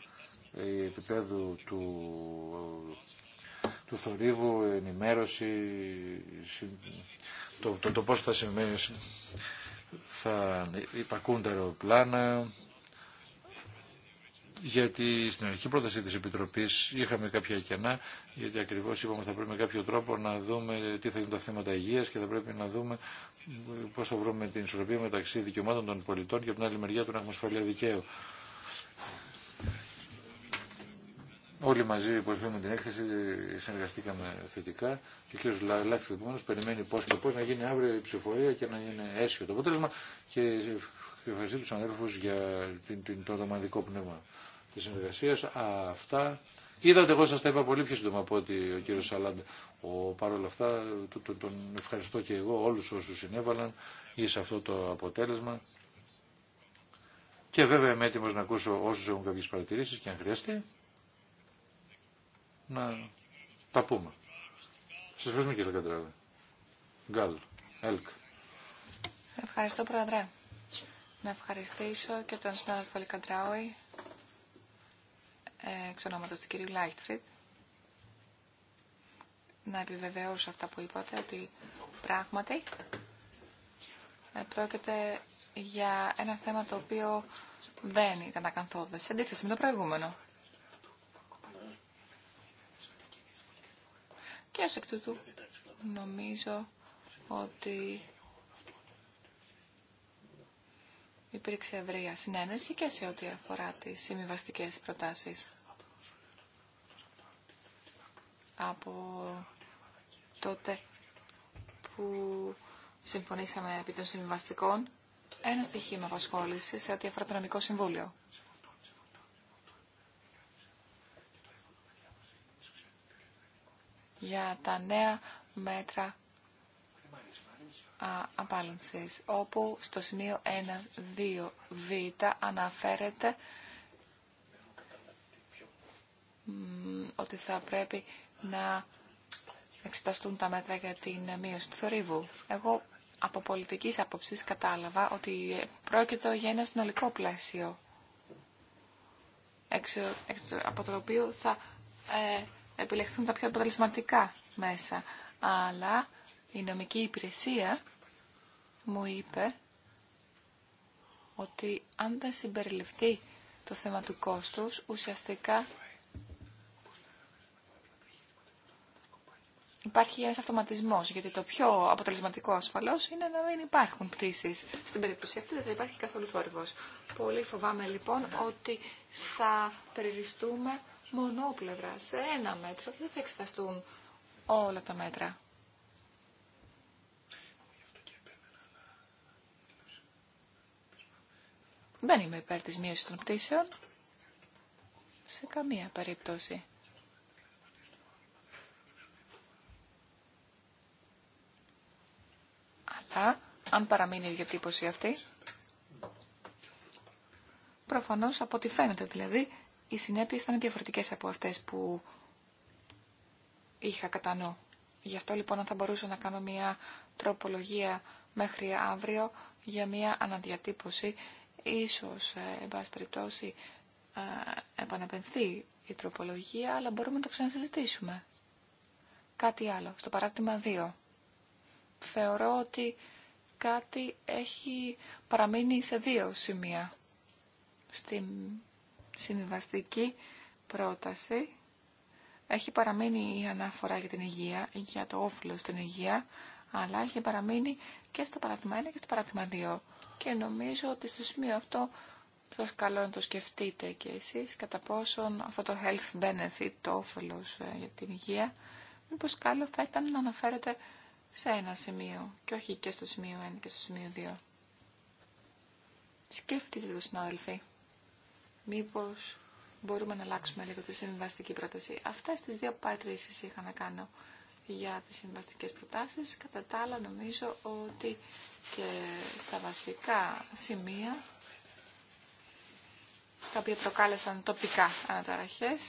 ε, επίπεδου του, του θορύβου, ενημέρωση, το, το, το πώς θα, θα υπακούν τα αεροπλάνα, γιατί στην αρχική πρόταση της Επιτροπής είχαμε κάποια κενά, γιατί ακριβώς είπαμε θα πρέπει με κάποιο τρόπο να δούμε τι θα γίνουν τα θέματα υγείας και θα πρέπει να δούμε πώς θα βρούμε την ισορροπία μεταξύ δικαιωμάτων των πολιτών και από την άλλη μεριά του να έχουμε ασφαλεία δικαίου. Όλοι μαζί με την έκθεση, συνεργαστήκαμε θετικά και ο κ. Λάξης περιμένει πώς και πώς να γίνει αύριο η ψηφορία και να είναι αίσιο το αποτέλεσμα και ευχαριστώ τους αδέρφους για την, την, το δομαδικό πνεύμα. Τη συνεργασία. Αυτά είδατε, εγώ σα τα είπα πολύ πιο σύντομα από ότι ο κύριος Σαλάντα. Ο, παρ' όλα αυτά τον ευχαριστώ και εγώ όλους όσους συνέβαλαν ή σε αυτό το αποτέλεσμα. Και βέβαια είμαι έτοιμο να ακούσω όσου έχουν κάποιες παρατηρήσεις και αν χρειαστεί να τα πούμε. Σα ευχαριστούμε κύριε Καντράβη. Γκάλ, Ελκ. Ευχαριστώ Πρόεδρε. Να ευχαριστήσω και τον συνάδελφο Λικαντράουι εξ ονόματος του κυρίου Λάιχτφριτ να επιβεβαιώσω αυτά που είπατε ότι πράγματι ε, πρόκειται για ένα θέμα το οποίο δεν ήταν ακαθόδες σε αντίθεση με το προηγούμενο. Και ως εκ τούτου νομίζω ότι υπήρξε ευρεία συνένεση και σε ό,τι αφορά τις συμβιβαστικέ προτάσεις. Από τότε που συμφωνήσαμε επί των συμβιβαστικών, ένα στοιχείο με απασχόληση σε ό,τι αφορά το νομικό συμβούλιο. Για τα νέα μέτρα απάλυνσης, όπου στο σημείο 1-2-β αναφέρεται ότι θα πρέπει να εξεταστούν τα μέτρα για την μείωση του θορύβου. Εγώ από πολιτικής άποψης κατάλαβα ότι πρόκειται για ένα συνολικό πλαίσιο έξω, από το οποίο θα ε, επιλεχθούν τα πιο αποτελεσματικά μέσα. Αλλά η νομική υπηρεσία μου είπε ότι αν δεν συμπεριληφθεί το θέμα του κόστους, ουσιαστικά υπάρχει ένας αυτοματισμός, γιατί το πιο αποτελεσματικό ασφαλώς είναι να μην υπάρχουν πτήσεις. Στην περίπτωση αυτή δεν θα υπάρχει καθόλου θόρυβος. Πολύ φοβάμαι λοιπόν ότι θα περιοριστούμε μονόπλευρα σε ένα μέτρο και δεν θα εξεταστούν όλα τα μέτρα. Δεν είμαι υπέρ της μείωσης των πτήσεων. Σε καμία περίπτωση. Αλλά, αν παραμείνει η διατύπωση αυτή, προφανώς από ό,τι φαίνεται δηλαδή, οι συνέπειες θα είναι διαφορετικές από αυτές που είχα κατά νου. Γι' αυτό λοιπόν αν θα μπορούσα να κάνω μια τροπολογία μέχρι αύριο για μια αναδιατύπωση Ίσως, ε, εν πάση περιπτώσει, ε, επαναπενθεί η τροπολογία, αλλά μπορούμε να το ξανασυζητήσουμε. Κάτι άλλο, στο παράρτημα 2. Θεωρώ ότι κάτι έχει παραμείνει σε δύο σημεία. Στην συμβιβαστική πρόταση έχει παραμείνει η αναφορά για την υγεία, για το όφυλο στην υγεία, αλλά έχει παραμείνει και στο παράδειγμα 1 και στο παράδειγμα 2. Και νομίζω ότι στο σημείο αυτό σας καλώ να το σκεφτείτε και εσείς κατά πόσον αυτό το health benefit, το όφελος ε, για την υγεία, μήπως καλό θα ήταν να αναφέρεται σε ένα σημείο και όχι και στο σημείο 1 και στο σημείο 2. Σκέφτείτε το συνάδελφοι. Μήπως μπορούμε να αλλάξουμε λίγο τη συμβιβαστική πρόταση. Αυτές τις δύο πάρτρες είχα να κάνω για τις συμβαστικές προτάσεις. Κατά τα άλλα νομίζω ότι και στα βασικά σημεία τα οποία προκάλεσαν τοπικά αναταραχές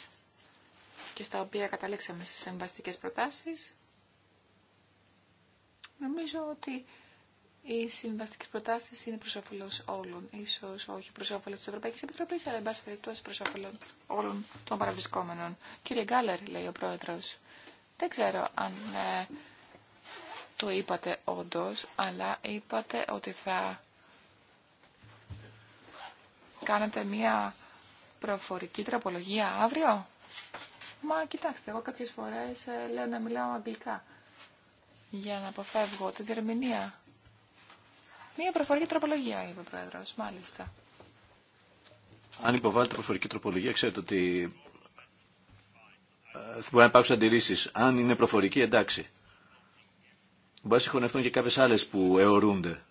και στα οποία καταλήξαμε στις συμβαστικές προτάσεις νομίζω ότι οι συμβαστικέ προτάσει είναι προ όφελο όλων. σω όχι προ όφελο τη Ευρωπαϊκή Επιτροπή, αλλά εν πάση περιπτώσει προ όλων των παραβρισκόμενων. Κύριε Γκάλερ, λέει ο πρόεδρο, δεν ξέρω αν ε, το είπατε όντως, αλλά είπατε ότι θα κάνετε μία προφορική τροπολογία αύριο. Μα κοιτάξτε, εγώ κάποιες φορές ε, λέω να μιλάω αγγλικά για να αποφεύγω τη διερμηνία. Μία προφορική τροπολογία, είπε ο Πρόεδρος, μάλιστα. Αν υποβάλλετε προφορική τροπολογία, ξέρετε ότι ε, μπορεί να υπάρξουν αντιρρήσει. Αν είναι προφορική, εντάξει. Μπορεί να συγχωνευτούν και κάποιε άλλε που αιωρούνται.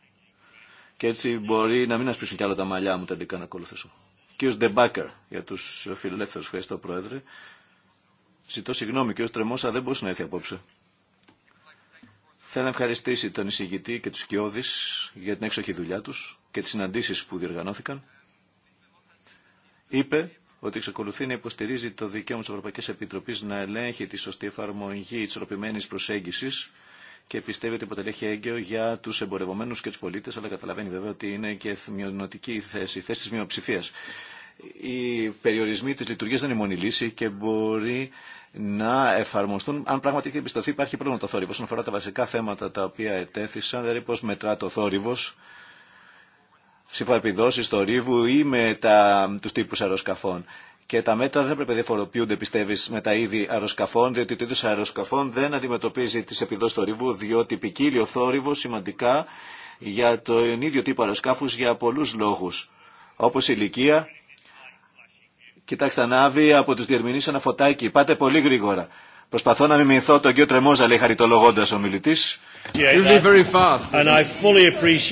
Και έτσι μπορεί να μην ασπίσουν κι άλλο τα μαλλιά μου τελικά να ακολουθήσω. Κύριο Ντεμπάκερ, για του φιλελεύθερου, ευχαριστώ Πρόεδρε. Ζητώ συγγνώμη, κύριο Τρεμόσα δεν μπορούσε να έρθει απόψε. Θέλω να ευχαριστήσει τον εισηγητή και του κοιόδη για την έξοχη δουλειά του και τι συναντήσει που διοργανώθηκαν. Είπε ότι εξακολουθεί να υποστηρίζει το δικαίωμα τη Ευρωπαϊκή Επιτροπή να ελέγχει τη σωστή εφαρμογή ισορροπημένη προσέγγιση και πιστεύει ότι αποτελέχει έγκαιο για του εμπορευομένου και του πολίτε, αλλά καταλαβαίνει βέβαια ότι είναι και μειονοτική η θέση, θέση τη μειοψηφία. Οι περιορισμοί τη λειτουργία δεν είναι μόνη λύση και μπορεί να εφαρμοστούν. Αν πράγματι έχει εμπιστοθεί, υπάρχει πρόβλημα το θόρυβο. Όσον αφορά τα βασικά θέματα τα οποία ετέθησαν, δηλαδή πώ μετρά το θόρυβο, ψηφοεπιδόσεις στο ρίβου ή με τα, τύπου αεροσκαφών. Και τα μέτρα δεν πρέπει να διαφοροποιούνται, πιστεύει, με τα είδη αεροσκαφών, διότι το είδο αεροσκαφών δεν αντιμετωπίζει τι επιδόσει θορύβου, διότι ποικίλει ο θόρυβο σημαντικά για τον ίδιο τύπο αεροσκάφου για πολλού λόγου. Όπω η ηλικία. Κοιτάξτε, ανάβει από του διερμηνεί ένα φωτάκι. Πάτε πολύ γρήγορα. Προσπαθώ να μιμηθώ τον κύριο Τρεμόζα, λέει χαριτολογώντα ο μιλητή.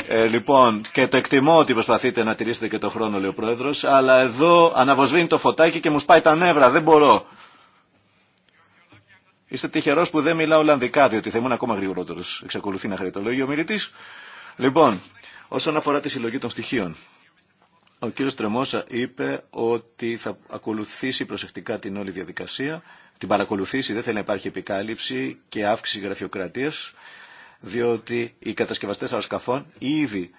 Ε, λοιπόν, και το εκτιμώ ότι προσπαθείτε να τηρήσετε και το χρόνο, λέει ο πρόεδρο, αλλά εδώ αναβοσβήνει το φωτάκι και μου σπάει τα νεύρα, δεν μπορώ. Είστε τυχερό που δεν μιλάω Ολλανδικά, διότι θα ήμουν ακόμα γρηγορότερο. Εξακολουθεί να χαριτολογεί ο μιλητή. Λοιπόν, όσον αφορά τη συλλογή των στοιχείων, ο κύριο Τρεμόσα είπε ότι θα ακολουθήσει προσεκτικά την όλη διαδικασία, την παρακολουθήσει, δεν θέλει να υπάρχει επικάλυψη και αύξηση γραφειοκρατία διότι οι κατασκευαστές αεροσκαφών ήδη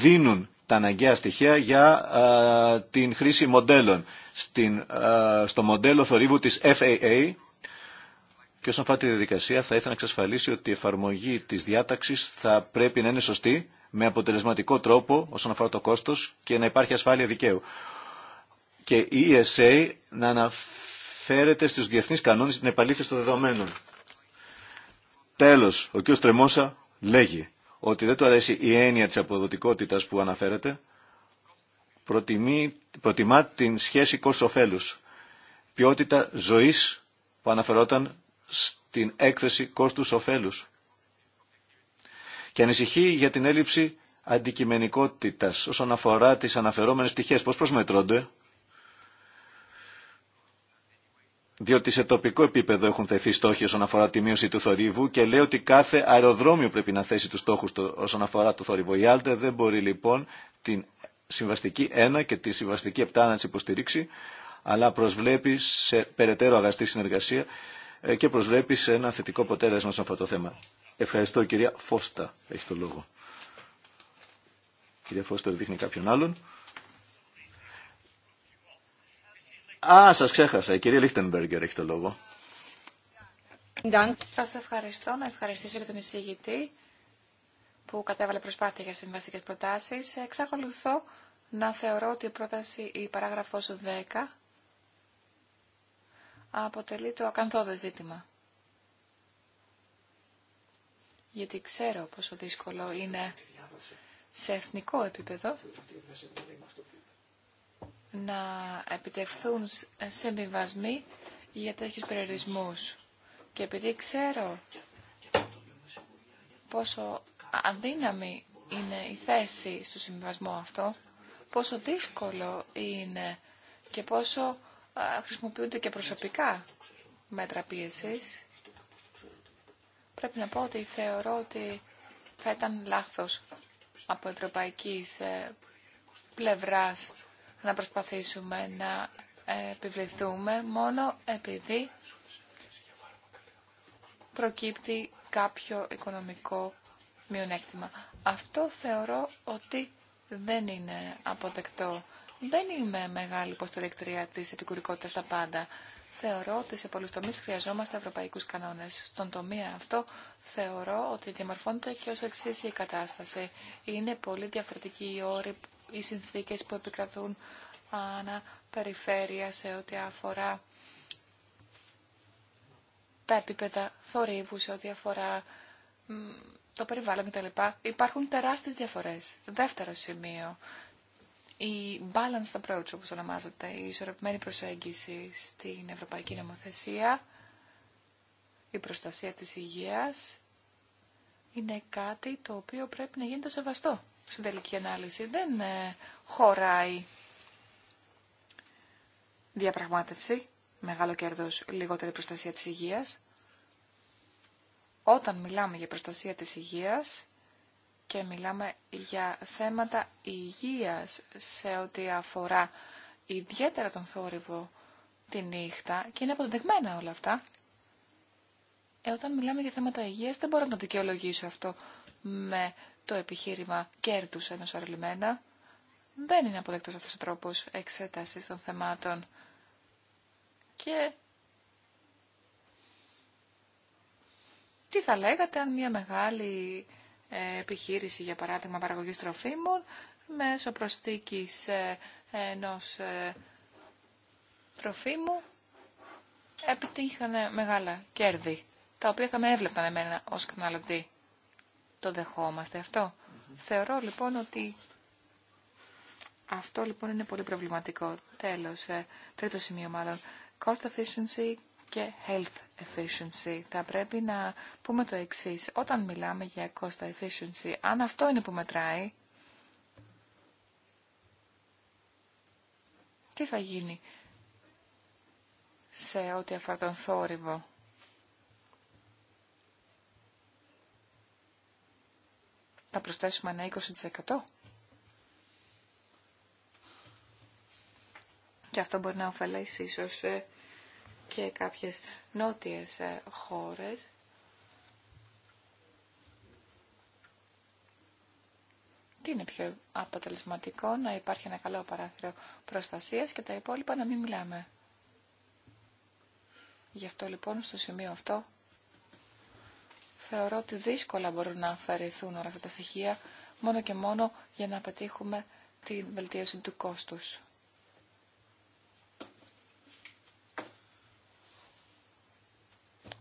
δίνουν τα αναγκαία στοιχεία για ε, την χρήση μοντέλων. Στην, ε, στο μοντέλο θορύβου της FAA και όσον αφορά τη διαδικασία θα ήθελα να εξασφαλίσει ότι η εφαρμογή της διάταξης θα πρέπει να είναι σωστή με αποτελεσματικό τρόπο όσον αφορά το κόστος και να υπάρχει ασφάλεια δικαίου. Και η ESA να αναφέρεται στους διεθνείς κανόνες την επαλήθευση των δεδομένων. Τέλος, ο κ. Τρεμόσα λέγει ότι δεν του αρέσει η έννοια της αποδοτικότητας που αναφέρεται, προτιμά την σχέση κόστος-οφέλους, ποιότητα ζωής που αναφερόταν στην έκθεση κόστους-οφέλους και ανησυχεί για την έλλειψη αντικειμενικότητας όσον αφορά τις αναφερόμενες πτυχές, πώς προσμετρώνται διότι σε τοπικό επίπεδο έχουν θεθεί στόχοι όσον αφορά τη μείωση του θορύβου και λέει ότι κάθε αεροδρόμιο πρέπει να θέσει τους στόχους όσον αφορά το θορύβο. Η Άλτε δεν μπορεί λοιπόν την συμβαστική 1 και τη συμβαστική 7 να τις υποστηρίξει, αλλά προσβλέπει σε περαιτέρω αγαστή συνεργασία ε, και προσβλέπει σε ένα θετικό αποτέλεσμα σε αυτό το θέμα. Ευχαριστώ κυρία Φώστα, έχει το λόγο. Κυρία Φώστα δείχνει κάποιον άλλον. Α, σας ξέχασα. Η κυρία Λίχτενμπεργκερ έχει το λόγο. Σα ευχαριστώ. Να ευχαριστήσω και τον εισηγητή που κατέβαλε προσπάθεια για συμβαστικέ προτάσει. Εξακολουθώ να θεωρώ ότι η πρόταση, η παράγραφος 10, αποτελεί το ακαθόδε ζήτημα. Γιατί ξέρω πόσο δύσκολο είναι σε εθνικό επίπεδο να επιτευχθούν ε, συμβιβασμοί για τέτοιους περιορισμούς. Και επειδή ξέρω πόσο αδύναμη είναι η θέση στο συμβιβασμό αυτό, πόσο δύσκολο είναι και πόσο χρησιμοποιούνται και προσωπικά μέτρα πίεσης, πρέπει να πω ότι θεωρώ ότι θα ήταν λάθος από ευρωπαϊκής ε, πλευράς να προσπαθήσουμε να επιβληθούμε μόνο επειδή προκύπτει κάποιο οικονομικό μειονέκτημα. Αυτό θεωρώ ότι δεν είναι αποδεκτό. Δεν είμαι μεγάλη υποστηρικτρία τη επικουρικότητα τα πάντα. Θεωρώ ότι σε πολλού τομεί χρειαζόμαστε ευρωπαϊκού κανόνε. Στον τομέα αυτό θεωρώ ότι διαμορφώνεται και ω εξή η κατάσταση. Είναι πολύ διαφορετική η όρη οι συνθήκες που επικρατούν ανά περιφέρεια σε ό,τι αφορά τα επίπεδα θορύβου, σε ό,τι αφορά το περιβάλλον κτλ. Υπάρχουν τεράστιες διαφορές. Δεύτερο σημείο, η balanced approach όπως ονομάζεται, η ισορροπημένη προσέγγιση στην Ευρωπαϊκή Νομοθεσία, η προστασία της υγείας, είναι κάτι το οποίο πρέπει να γίνεται σεβαστό στην τελική ανάλυση δεν ε, χωράει διαπραγμάτευση, μεγάλο κέρδος, λιγότερη προστασία της υγείας. Όταν μιλάμε για προστασία της υγείας και μιλάμε για θέματα υγείας σε ό,τι αφορά ιδιαίτερα τον θόρυβο τη νύχτα και είναι αποδεδειγμένα όλα αυτά, ε, όταν μιλάμε για θέματα υγείας δεν μπορώ να δικαιολογήσω αυτό με το επιχείρημα κέρδους ενός αρλημένα. Δεν είναι αποδεκτός αυτός ο τρόπος εξέτασης των θεμάτων και τι θα λέγατε αν μια μεγάλη ε, επιχείρηση, για παράδειγμα παραγωγής τροφίμων, μέσω προσθήκης ε, ενός ε, τροφίμου επιτύχανε μεγάλα κέρδη, τα οποία θα με έβλεπαν εμένα ως καταναλωτή. Το δεχόμαστε αυτό. Θεωρώ λοιπόν ότι αυτό λοιπόν είναι πολύ προβληματικό. Τέλος, ε, τρίτο σημείο μάλλον. Cost efficiency και health efficiency. Θα πρέπει να πούμε το εξή Όταν μιλάμε για cost efficiency, αν αυτό είναι που μετράει, τι θα γίνει σε ό,τι αφορά τον θόρυβο. Θα προσθέσουμε ένα 20%. Και αυτό μπορεί να ωφελέσει ίσως ε, και κάποιες νότιες ε, χώρες. Τι είναι πιο αποτελεσματικό, να υπάρχει ένα καλό παράθυρο προστασίας και τα υπόλοιπα να μην μιλάμε. Γι' αυτό λοιπόν στο σημείο αυτό θεωρώ ότι δύσκολα μπορούν να αφαιρεθούν όλα αυτά τα στοιχεία μόνο και μόνο για να πετύχουμε την βελτίωση του κόστους.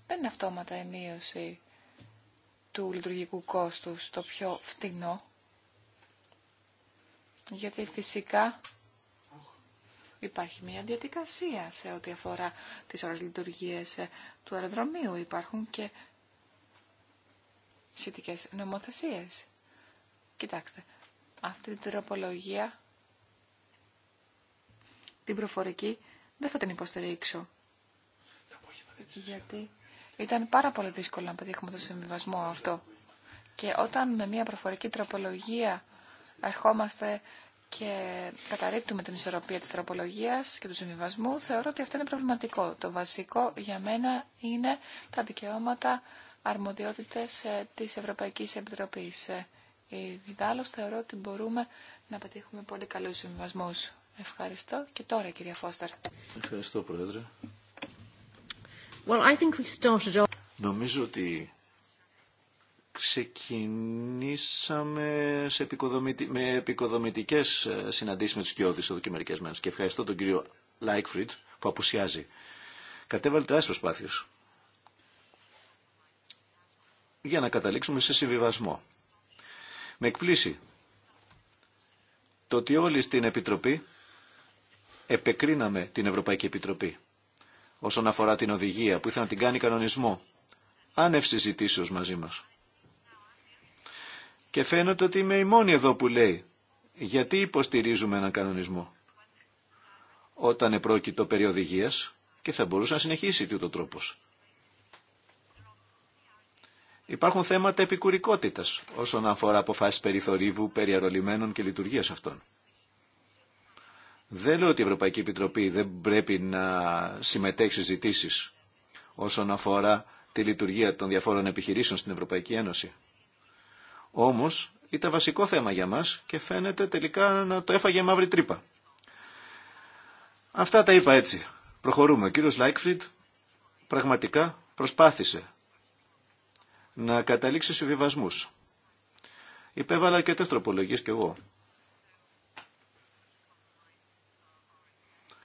Δεν είναι αυτόματα η μείωση του λειτουργικού κόστους το πιο φτηνό, γιατί φυσικά υπάρχει μια διαδικασία σε ό,τι αφορά τις ώρες λειτουργίες του αεροδρομίου. Υπάρχουν και σχετικές νομοθεσίες. Κοιτάξτε, αυτή την τροπολογία, την προφορική, δεν θα την υποστηρίξω. Γιατί ήταν πάρα πολύ δύσκολο να πετύχουμε το συμβιβασμό αυτό. Και όταν με μια προφορική τροπολογία ερχόμαστε και καταρρύπτουμε την ισορροπία της τροπολογίας και του συμβιβασμού, θεωρώ ότι αυτό είναι προβληματικό. Το βασικό για μένα είναι τα δικαιώματα αρμοδιότητες ε, της Ευρωπαϊκής Επιτροπής. Ε, ιδάλλως θεωρώ ότι μπορούμε να πετύχουμε πολύ καλούς συμβασμού. Ευχαριστώ. Και τώρα, κυρία Φώστερ. Ευχαριστώ, Πρόεδρε. Well, I think we started... Νομίζω ότι ξεκινήσαμε σε με επικοδομητικές ε, συναντήσεις με τους κοιόδης εδώ και μερικές μέρες. Και ευχαριστώ τον κύριο Λάικφριντ που απουσιάζει. Κατέβαλε τεράστιες προσπάθειες για να καταλήξουμε σε συμβιβασμό. Με εκπλήσει το ότι όλοι στην Επιτροπή επεκρίναμε την Ευρωπαϊκή Επιτροπή όσον αφορά την οδηγία που ήθελε να την κάνει κανονισμό, άνευ συζητήσεως μαζί μας. Και φαίνεται ότι είμαι η μόνη εδώ που λέει γιατί υποστηρίζουμε έναν κανονισμό όταν επρόκειτο περί οδηγίας και θα μπορούσε να συνεχίσει τούτο τρόπος. Υπάρχουν θέματα επικουρικότητας όσον αφορά αποφάσεις περιθωρίβου, περιαρολιμένων και λειτουργίας αυτών. Δεν λέω ότι η Ευρωπαϊκή Επιτροπή δεν πρέπει να συμμετέχει ζητήσει όσον αφορά τη λειτουργία των διαφόρων επιχειρήσεων στην Ευρωπαϊκή Ένωση. Όμως ήταν βασικό θέμα για μας και φαίνεται τελικά να το έφαγε μαύρη τρύπα. Αυτά τα είπα έτσι. Προχωρούμε. Ο κύριο Λάικφριντ πραγματικά προσπάθησε να καταλήξει σε Υπέβαλα αρκετέ τροπολογίες κι εγώ.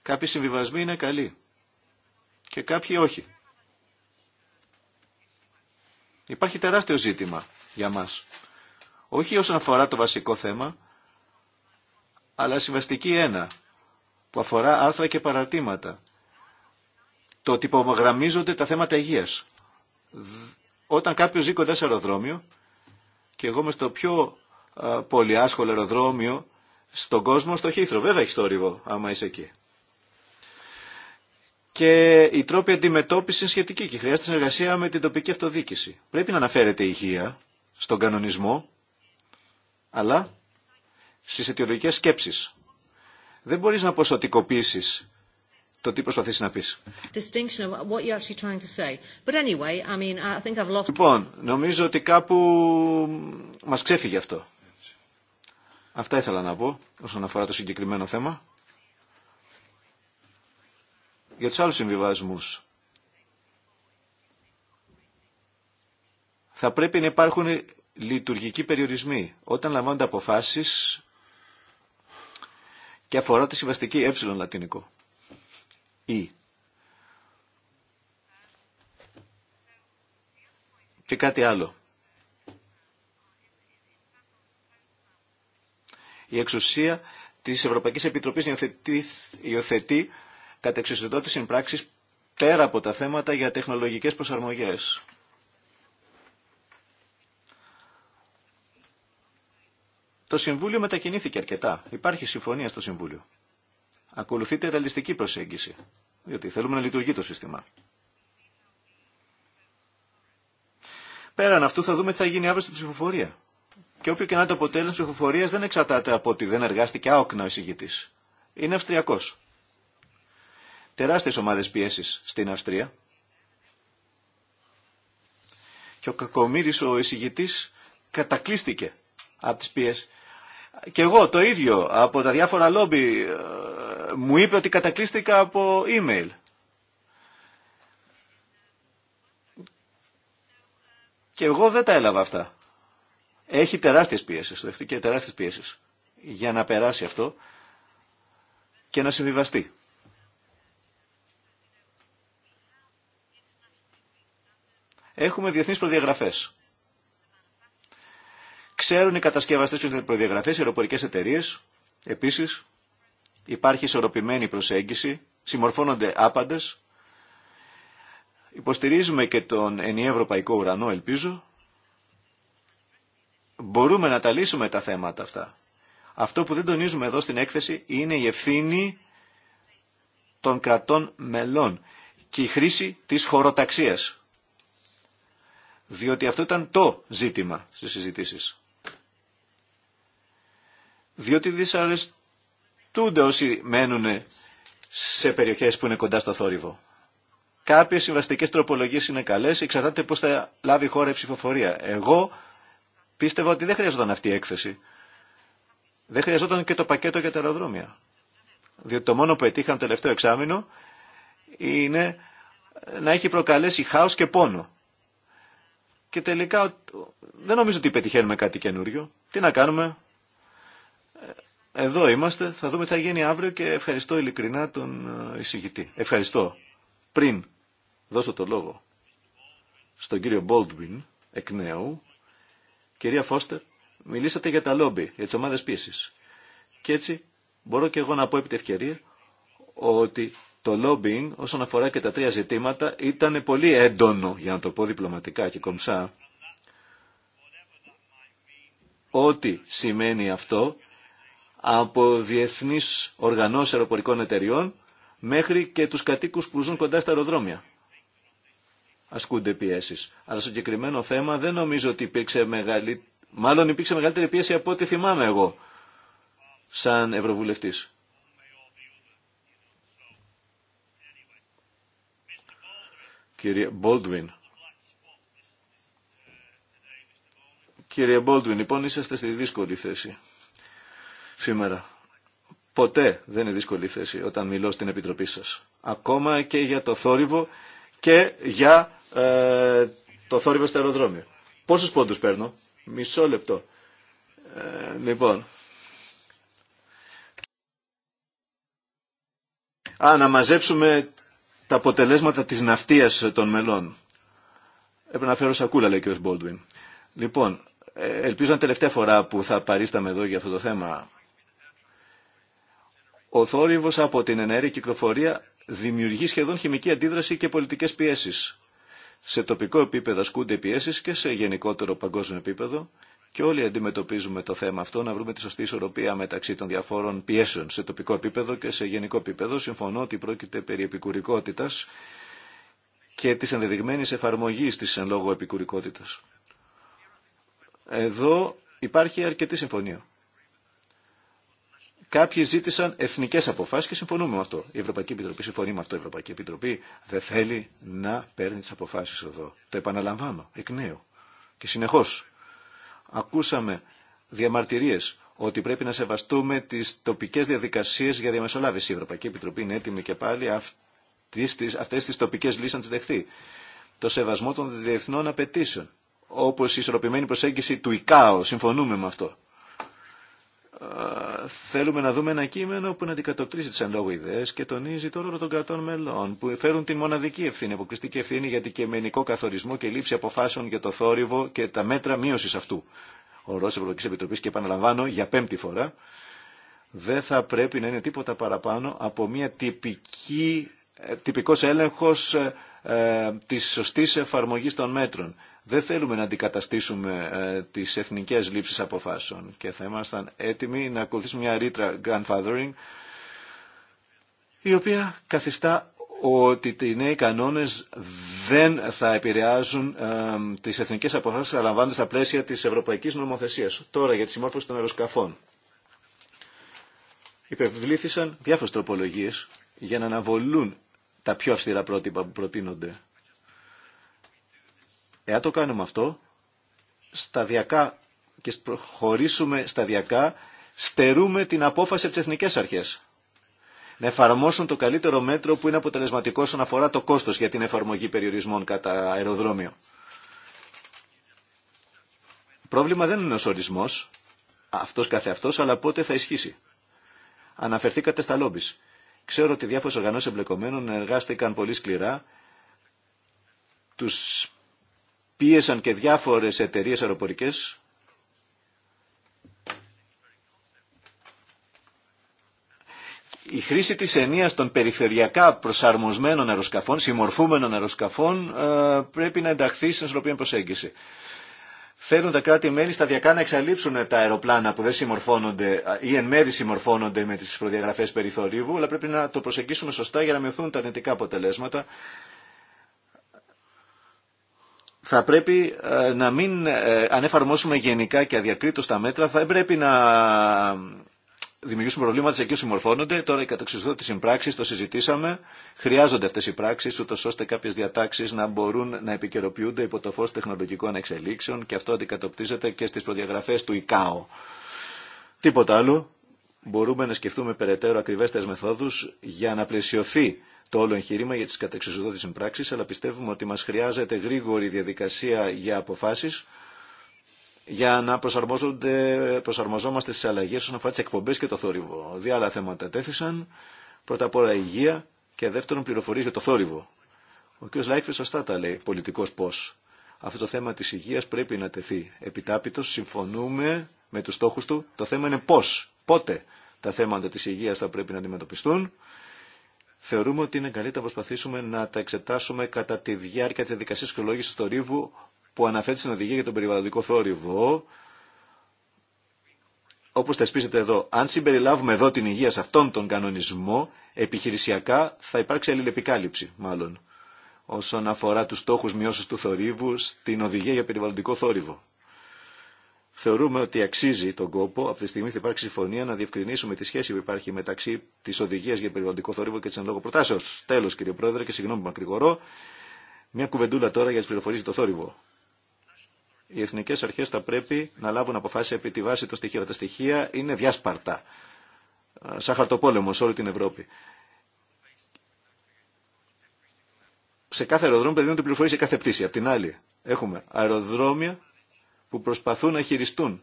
Κάποιοι συμβιβασμοί είναι καλοί και κάποιοι όχι. Υπάρχει τεράστιο ζήτημα για μας. Όχι όσον αφορά το βασικό θέμα, αλλά συμβαστική ένα, που αφορά άρθρα και παραρτήματα. Το ότι τα θέματα υγείας. Όταν κάποιο ζει κοντά σε αεροδρόμιο και εγώ είμαι στο πιο πολυάσχολο αεροδρόμιο στον κόσμο, στο Χήθρο. Βέβαια έχει τόρυβο, άμα είσαι εκεί. Και οι τρόποι αντιμετώπιση είναι σχετικοί και χρειάζεται συνεργασία με την τοπική αυτοδιοίκηση. Πρέπει να αναφέρεται η υγεία στον κανονισμό, αλλά στι αιτιολογικέ σκέψει. Δεν μπορεί να ποσοτικοποιήσει το τι προσπαθείς να πεις. Λοιπόν, νομίζω ότι κάπου μας ξέφυγε αυτό. Αυτά ήθελα να πω όσον αφορά το συγκεκριμένο θέμα. Για τους άλλους συμβιβασμούς. Θα πρέπει να υπάρχουν λειτουργικοί περιορισμοί. Όταν λαμβάνονται αποφάσεις και αφορά τη συμβαστική ε λατινικό. E. εξουσία της Ευρωπαϊκής Επιτροπής υιοθετεί, υιοθετεί κατά εξουσιοδότηση πέρα από τα θέματα για τεχνολογικές προσαρμογές. Το Συμβούλιο μετακινήθηκε αρκετά. Υπάρχει συμφωνία στο Συμβούλιο ακολουθείται ρεαλιστική προσέγγιση, διότι θέλουμε να λειτουργεί το σύστημα. Πέραν αυτού θα δούμε τι θα γίνει αύριο στην ψηφοφορία. Και όποιο και να είναι το αποτέλεσμα τη ψηφοφορία δεν εξαρτάται από ότι δεν εργάστηκε άοκνα ο εισηγητή. Είναι Αυστριακό. Τεράστιε ομάδε πιέσει στην Αυστρία. Και ο κακομήρη ο εισηγητή κατακλείστηκε από τι πιέσει. Και εγώ το ίδιο από τα διάφορα λόμπι ε, μου είπε ότι κατακλείστηκα από email. Και εγώ δεν τα έλαβα αυτά. Έχει τεράστιες πίεσεις, δεχτεί και τεράστιες πίεσεις για να περάσει αυτό και να συμβιβαστεί. Έχουμε διεθνείς προδιαγραφές. Ξέρουν οι κατασκευαστές ποιες είναι οι προδιαγραφές, οι αεροπορικές εταιρείες, επίσης υπάρχει ισορροπημένη προσέγγιση, συμμορφώνονται άπαντες. Υποστηρίζουμε και τον ενιαίο ευρωπαϊκό ουρανό, ελπίζω. Μπορούμε να τα λύσουμε τα θέματα αυτά. Αυτό που δεν τονίζουμε εδώ στην έκθεση είναι η ευθύνη των κρατών μελών και η χρήση της χωροταξίας. Διότι αυτό ήταν το ζήτημα στις συζητήσεις. Διότι τούνται όσοι μένουν σε περιοχέ που είναι κοντά στο θόρυβο. Κάποιες συμβαστικέ τροπολογίες είναι καλές, εξαρτάται πώς θα λάβει η χώρα η ψηφοφορία. Εγώ πίστευα ότι δεν χρειαζόταν αυτή η έκθεση. Δεν χρειαζόταν και το πακέτο για τα αεροδρόμια. Διότι το μόνο που πετύχαμε το τελευταίο εξάμεινο είναι να έχει προκαλέσει χάο και πόνο. Και τελικά δεν νομίζω ότι πετυχαίνουμε κάτι καινούριο. Τι να κάνουμε, εδώ είμαστε, θα δούμε τι θα γίνει αύριο και ευχαριστώ ειλικρινά τον ε, εισηγητή. Ευχαριστώ. Πριν δώσω το λόγο στον κύριο Baldwin εκ νέου, κυρία Φώστερ, μιλήσατε για τα λόμπι, για τις ομάδες πίεσης. Και έτσι μπορώ και εγώ να πω επί ευκαιρία ότι το lobbying όσον αφορά και τα τρία ζητήματα ήταν πολύ έντονο, για να το πω διπλωματικά και κομψά. Ό,τι σημαίνει αυτό από διεθνείς οργανώσεις αεροπορικών εταιριών μέχρι και τους κατοίκους που ζουν κοντά στα αεροδρόμια. Ασκούνται πιέσεις. Αλλά στο συγκεκριμένο θέμα δεν νομίζω ότι υπήρξε μεγαλύτερη... Μάλλον υπήρξε μεγαλύτερη πίεση από ό,τι θυμάμαι εγώ σαν Ευρωβουλευτής. Κύριε Μπόλτουιν. Κύριε Μπόλτουιν, λοιπόν, είσαστε στη δύσκολη θέση σήμερα. Ποτέ δεν είναι δύσκολη η θέση όταν μιλώ στην Επιτροπή σας. Ακόμα και για το θόρυβο και για ε, το θόρυβο στο αεροδρόμιο. Πόσους πόντους παίρνω. Μισό λεπτό. Ε, λοιπόν. Α, να μαζέψουμε τα αποτελέσματα της ναυτίας των μελών. Έπρεπε να φέρω σακούλα, λέει και ο Μπόλτουιν. Λοιπόν, ε, ελπίζω να τελευταία φορά που θα παρίσταμε εδώ για αυτό το θέμα. Ο θόρυβος από την ενέργεια κυκλοφορία δημιουργεί σχεδόν χημική αντίδραση και πολιτικές πιέσεις. Σε τοπικό επίπεδο ασκούνται οι πιέσεις και σε γενικότερο παγκόσμιο επίπεδο και όλοι αντιμετωπίζουμε το θέμα αυτό να βρούμε τη σωστή ισορροπία μεταξύ των διαφόρων πιέσεων σε τοπικό επίπεδο και σε γενικό επίπεδο. Συμφωνώ ότι πρόκειται περί επικουρικότητας και της ενδεδειγμένης εφαρμογής της εν λόγω επικουρικότητας. Εδώ υπάρχει αρκετή συμφωνία. Κάποιοι ζήτησαν εθνικέ αποφάσει και συμφωνούμε με αυτό. Η Ευρωπαϊκή Επιτροπή συμφωνεί με αυτό. Η Ευρωπαϊκή Επιτροπή δεν θέλει να παίρνει τι αποφάσει εδώ. Το επαναλαμβάνω εκ νέου και συνεχώ. Ακούσαμε διαμαρτυρίε ότι πρέπει να σεβαστούμε τι τοπικέ διαδικασίε για διαμεσολάβηση. Η Ευρωπαϊκή Επιτροπή είναι έτοιμη και πάλι αυτέ τι τοπικέ λύσει να τι δεχθεί. Το σεβασμό των διεθνών απαιτήσεων. Όπω η ισορροπημένη προσέγγιση του ΙΚΑΟ. Συμφωνούμε με αυτό θέλουμε να δούμε ένα κείμενο που να αντικατοπτρίζει τι εν λόγω ιδέε και τονίζει το ρόλο των κρατών μελών, που φέρουν την μοναδική ευθύνη, αποκριστική ευθύνη για δικαιμενικό καθορισμό και λήψη αποφάσεων για το θόρυβο και τα μέτρα μείωση αυτού. Ο ρόλο τη Ευρωπαϊκή Επιτροπή, και επαναλαμβάνω για πέμπτη φορά, δεν θα πρέπει να είναι τίποτα παραπάνω από μια τυπική, ε, τυπικός έλεγχος ε, ε, της σωστής εφαρμογής των μέτρων. Δεν θέλουμε να αντικαταστήσουμε ε, τις εθνικές λήψεις αποφάσεων και θα ήμασταν έτοιμοι να ακολουθήσουμε μια ρήτρα grandfathering η οποία καθιστά ότι οι νέοι κανόνες δεν θα επηρεάζουν ε, τις εθνικές αποφάσεις αλλά λαμβάνονται στα πλαίσια της ευρωπαϊκής νομοθεσίας. Τώρα για τη συμμόρφωση των αεροσκαφών. Υπευλήθησαν διάφορες τροπολογίες για να αναβολούν τα πιο αυστηρά πρότυπα που προτείνονται. Εάν το κάνουμε αυτό, σταδιακά και προχωρήσουμε σταδιακά, στερούμε την απόφαση από τι εθνικέ αρχέ. Να εφαρμόσουν το καλύτερο μέτρο που είναι αποτελεσματικό όσον αφορά το κόστο για την εφαρμογή περιορισμών κατά αεροδρόμιο. Πρόβλημα δεν είναι ο ορισμό, αυτό καθεαυτό, αλλά πότε θα ισχύσει. Αναφερθήκατε στα λόμπι. Ξέρω ότι διάφορε οργανώσει εμπλεκομένων εργάστηκαν πολύ σκληρά. Τους πίεσαν και διάφορες εταιρείες αεροπορικές η χρήση της ενίας των περιφερειακά προσαρμοσμένων αεροσκαφών, συμμορφούμενων αεροσκαφών, ε, πρέπει να ενταχθεί στην ισορροπία προσέγγιση. Θέλουν τα κράτη-μέλη σταδιακά να εξαλείψουν τα αεροπλάνα που δεν συμμορφώνονται ε, ή εν μέρη συμμορφώνονται με τις προδιαγραφές περιθωρίβου, αλλά πρέπει να το προσεγγίσουμε σωστά για να μειωθούν τα αρνητικά αποτελέσματα θα πρέπει ε, να μην, ε, αν εφαρμόσουμε γενικά και αδιακρίτως τα μέτρα, θα πρέπει να δημιουργήσουμε προβλήματα σε εκεί που συμμορφώνονται. Τώρα οι της συμπράξει, το συζητήσαμε. Χρειάζονται αυτέ οι πράξει, ούτω ώστε κάποιε διατάξει να μπορούν να επικαιροποιούνται υπό το φω τεχνολογικών εξελίξεων και αυτό αντικατοπτρίζεται και στι προδιαγραφέ του ΙΚΑΟ. Τίποτα άλλο. Μπορούμε να σκεφτούμε περαιτέρω ακριβέστερε μεθόδου για να πλαισιωθεί το όλο εγχείρημα για τις κατεξοδότητες συμπράξεις, αλλά πιστεύουμε ότι μας χρειάζεται γρήγορη διαδικασία για αποφάσεις, για να προσαρμοζόμαστε στις αλλαγές όσον αφορά τις εκπομπές και το θόρυβο. Δύο άλλα θέματα τέθησαν. Πρώτα απ' όλα υγεία και δεύτερον πληροφορίες για το θόρυβο. Ο κ. Λάιφε σωστά τα λέει, πολιτικός πώς. Αυτό το θέμα της υγείας πρέπει να τεθεί. Επιτάπητος συμφωνούμε με τους στόχους του. Το θέμα είναι πώς, πότε τα θέματα της υγείας θα πρέπει να αντιμετωπιστούν. Θεωρούμε ότι είναι καλύτερα να προσπαθήσουμε να τα εξετάσουμε κατά τη διάρκεια τη διαδικασία χρηματολόγηση του θορύβου που αναφέρει στην οδηγία για τον περιβαλλοντικό θόρυβο. Όπω θεσπίζεται εδώ, αν συμπεριλάβουμε εδώ την υγεία σε αυτόν τον κανονισμό, επιχειρησιακά θα υπάρξει αλληλεπικάλυψη, μάλλον, όσον αφορά του στόχου μειώσει του θορύβου στην οδηγία για περιβαλλοντικό θόρυβο. Θεωρούμε ότι αξίζει τον κόπο από τη στιγμή που υπάρχει συμφωνία να διευκρινίσουμε τη σχέση που υπάρχει μεταξύ τη οδηγία για περιβαλλοντικό θορύβο και τη εν λόγω προτάσεω. Τέλο, κύριε Πρόεδρε, και συγγνώμη που μια κουβεντούλα τώρα για τι πληροφορίε για το θόρυβο. Οι εθνικέ αρχέ θα πρέπει να λάβουν αποφάσει επί τη βάση των στοιχείων. Τα στοιχεία είναι διάσπαρτα. Σαν χαρτοπόλεμο σε όλη την Ευρώπη. Σε κάθε αεροδρόμιο δίνονται πληροφορίε σε κάθε πτήση. Απ' την άλλη, έχουμε αεροδρόμια που προσπαθούν να χειριστούν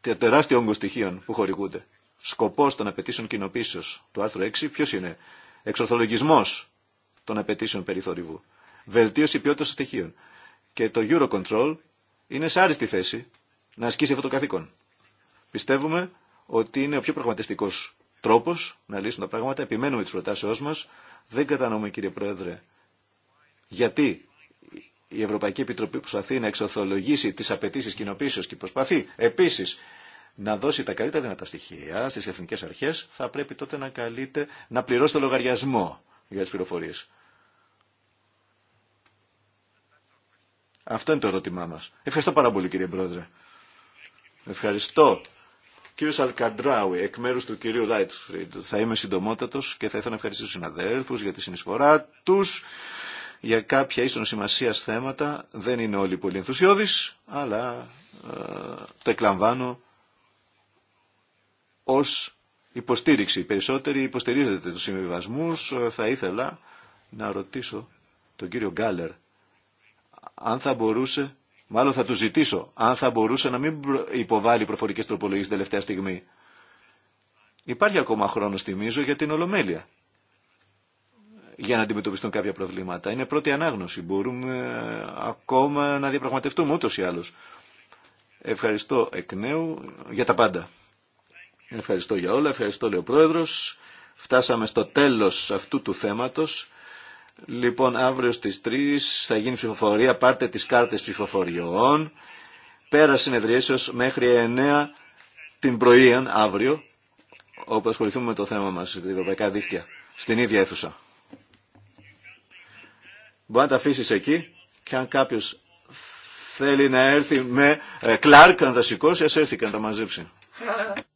τα τεράστιο όγκο στοιχείων που χορηγούνται. Σκοπό των απαιτήσεων κοινοποίησεω του άρθρου 6 ποιο είναι. Εξορθολογισμό των απαιτήσεων περιθωριβού. Βελτίωση ποιότητα των στοιχείων. Και το Eurocontrol είναι σε άριστη θέση να ασκήσει αυτό το καθήκον. Πιστεύουμε ότι είναι ο πιο πραγματιστικό τρόπο να λύσουν τα πράγματα. Επιμένουμε τι προτάσει μα. Δεν κατανοούμε, κύριε Πρόεδρε, γιατί η Ευρωπαϊκή Επιτροπή προσπαθεί να εξορθολογήσει τι απαιτήσει κοινοποίησεως και προσπαθεί Επίση, να δώσει τα καλύτερα δυνατά στοιχεία στι εθνικέ αρχέ θα πρέπει τότε να καλείται να πληρώσει το λογαριασμό για τι πληροφορίε. Αυτό είναι το ερώτημά μα. Ευχαριστώ πάρα πολύ κύριε Πρόεδρε. Ευχαριστώ. Κύριο Αλκαντράουι, εκ μέρου του κυρίου Λάιτφριντ, θα είμαι συντομότατο και θα ήθελα να ευχαριστήσω του συναδέλφου για τη συνεισφορά του για κάποια ίσον σημασία θέματα. Δεν είναι όλοι πολύ ενθουσιώδεις, αλλά ε, το εκλαμβάνω ως υποστήριξη. Οι περισσότεροι υποστηρίζετε τους συμβιβασμούς. Ε, θα ήθελα να ρωτήσω τον κύριο Γκάλερ αν θα μπορούσε, μάλλον θα του ζητήσω, αν θα μπορούσε να μην υποβάλει προφορικές τροπολογίες τελευταία στιγμή. Υπάρχει ακόμα χρόνος, θυμίζω, για την Ολομέλεια για να αντιμετωπιστούν κάποια προβλήματα. Είναι πρώτη ανάγνωση. Μπορούμε ε, ακόμα να διαπραγματευτούμε ούτως ή άλλως. Ευχαριστώ εκ νέου για τα πάντα. Ευχαριστώ για όλα. Ευχαριστώ, λέει ο Πρόεδρος. Φτάσαμε στο τέλος αυτού του θέματος. Λοιπόν, αύριο στις 3 θα γίνει ψηφοφορία. Πάρτε τις κάρτες ψηφοφοριών. Πέρα συνεδριέσεως μέχρι 9 την πρωί αύριο, όπου ασχοληθούμε με το θέμα μας, τα ευρωπαϊκά δίκτυα, στην ίδια αίθουσα. Μπορεί να τα αφήσει εκεί και αν κάποιο θέλει να έρθει με κλάρκ, ε, αν τα σηκώσει, α έρθει και να τα μαζέψει. <laughs>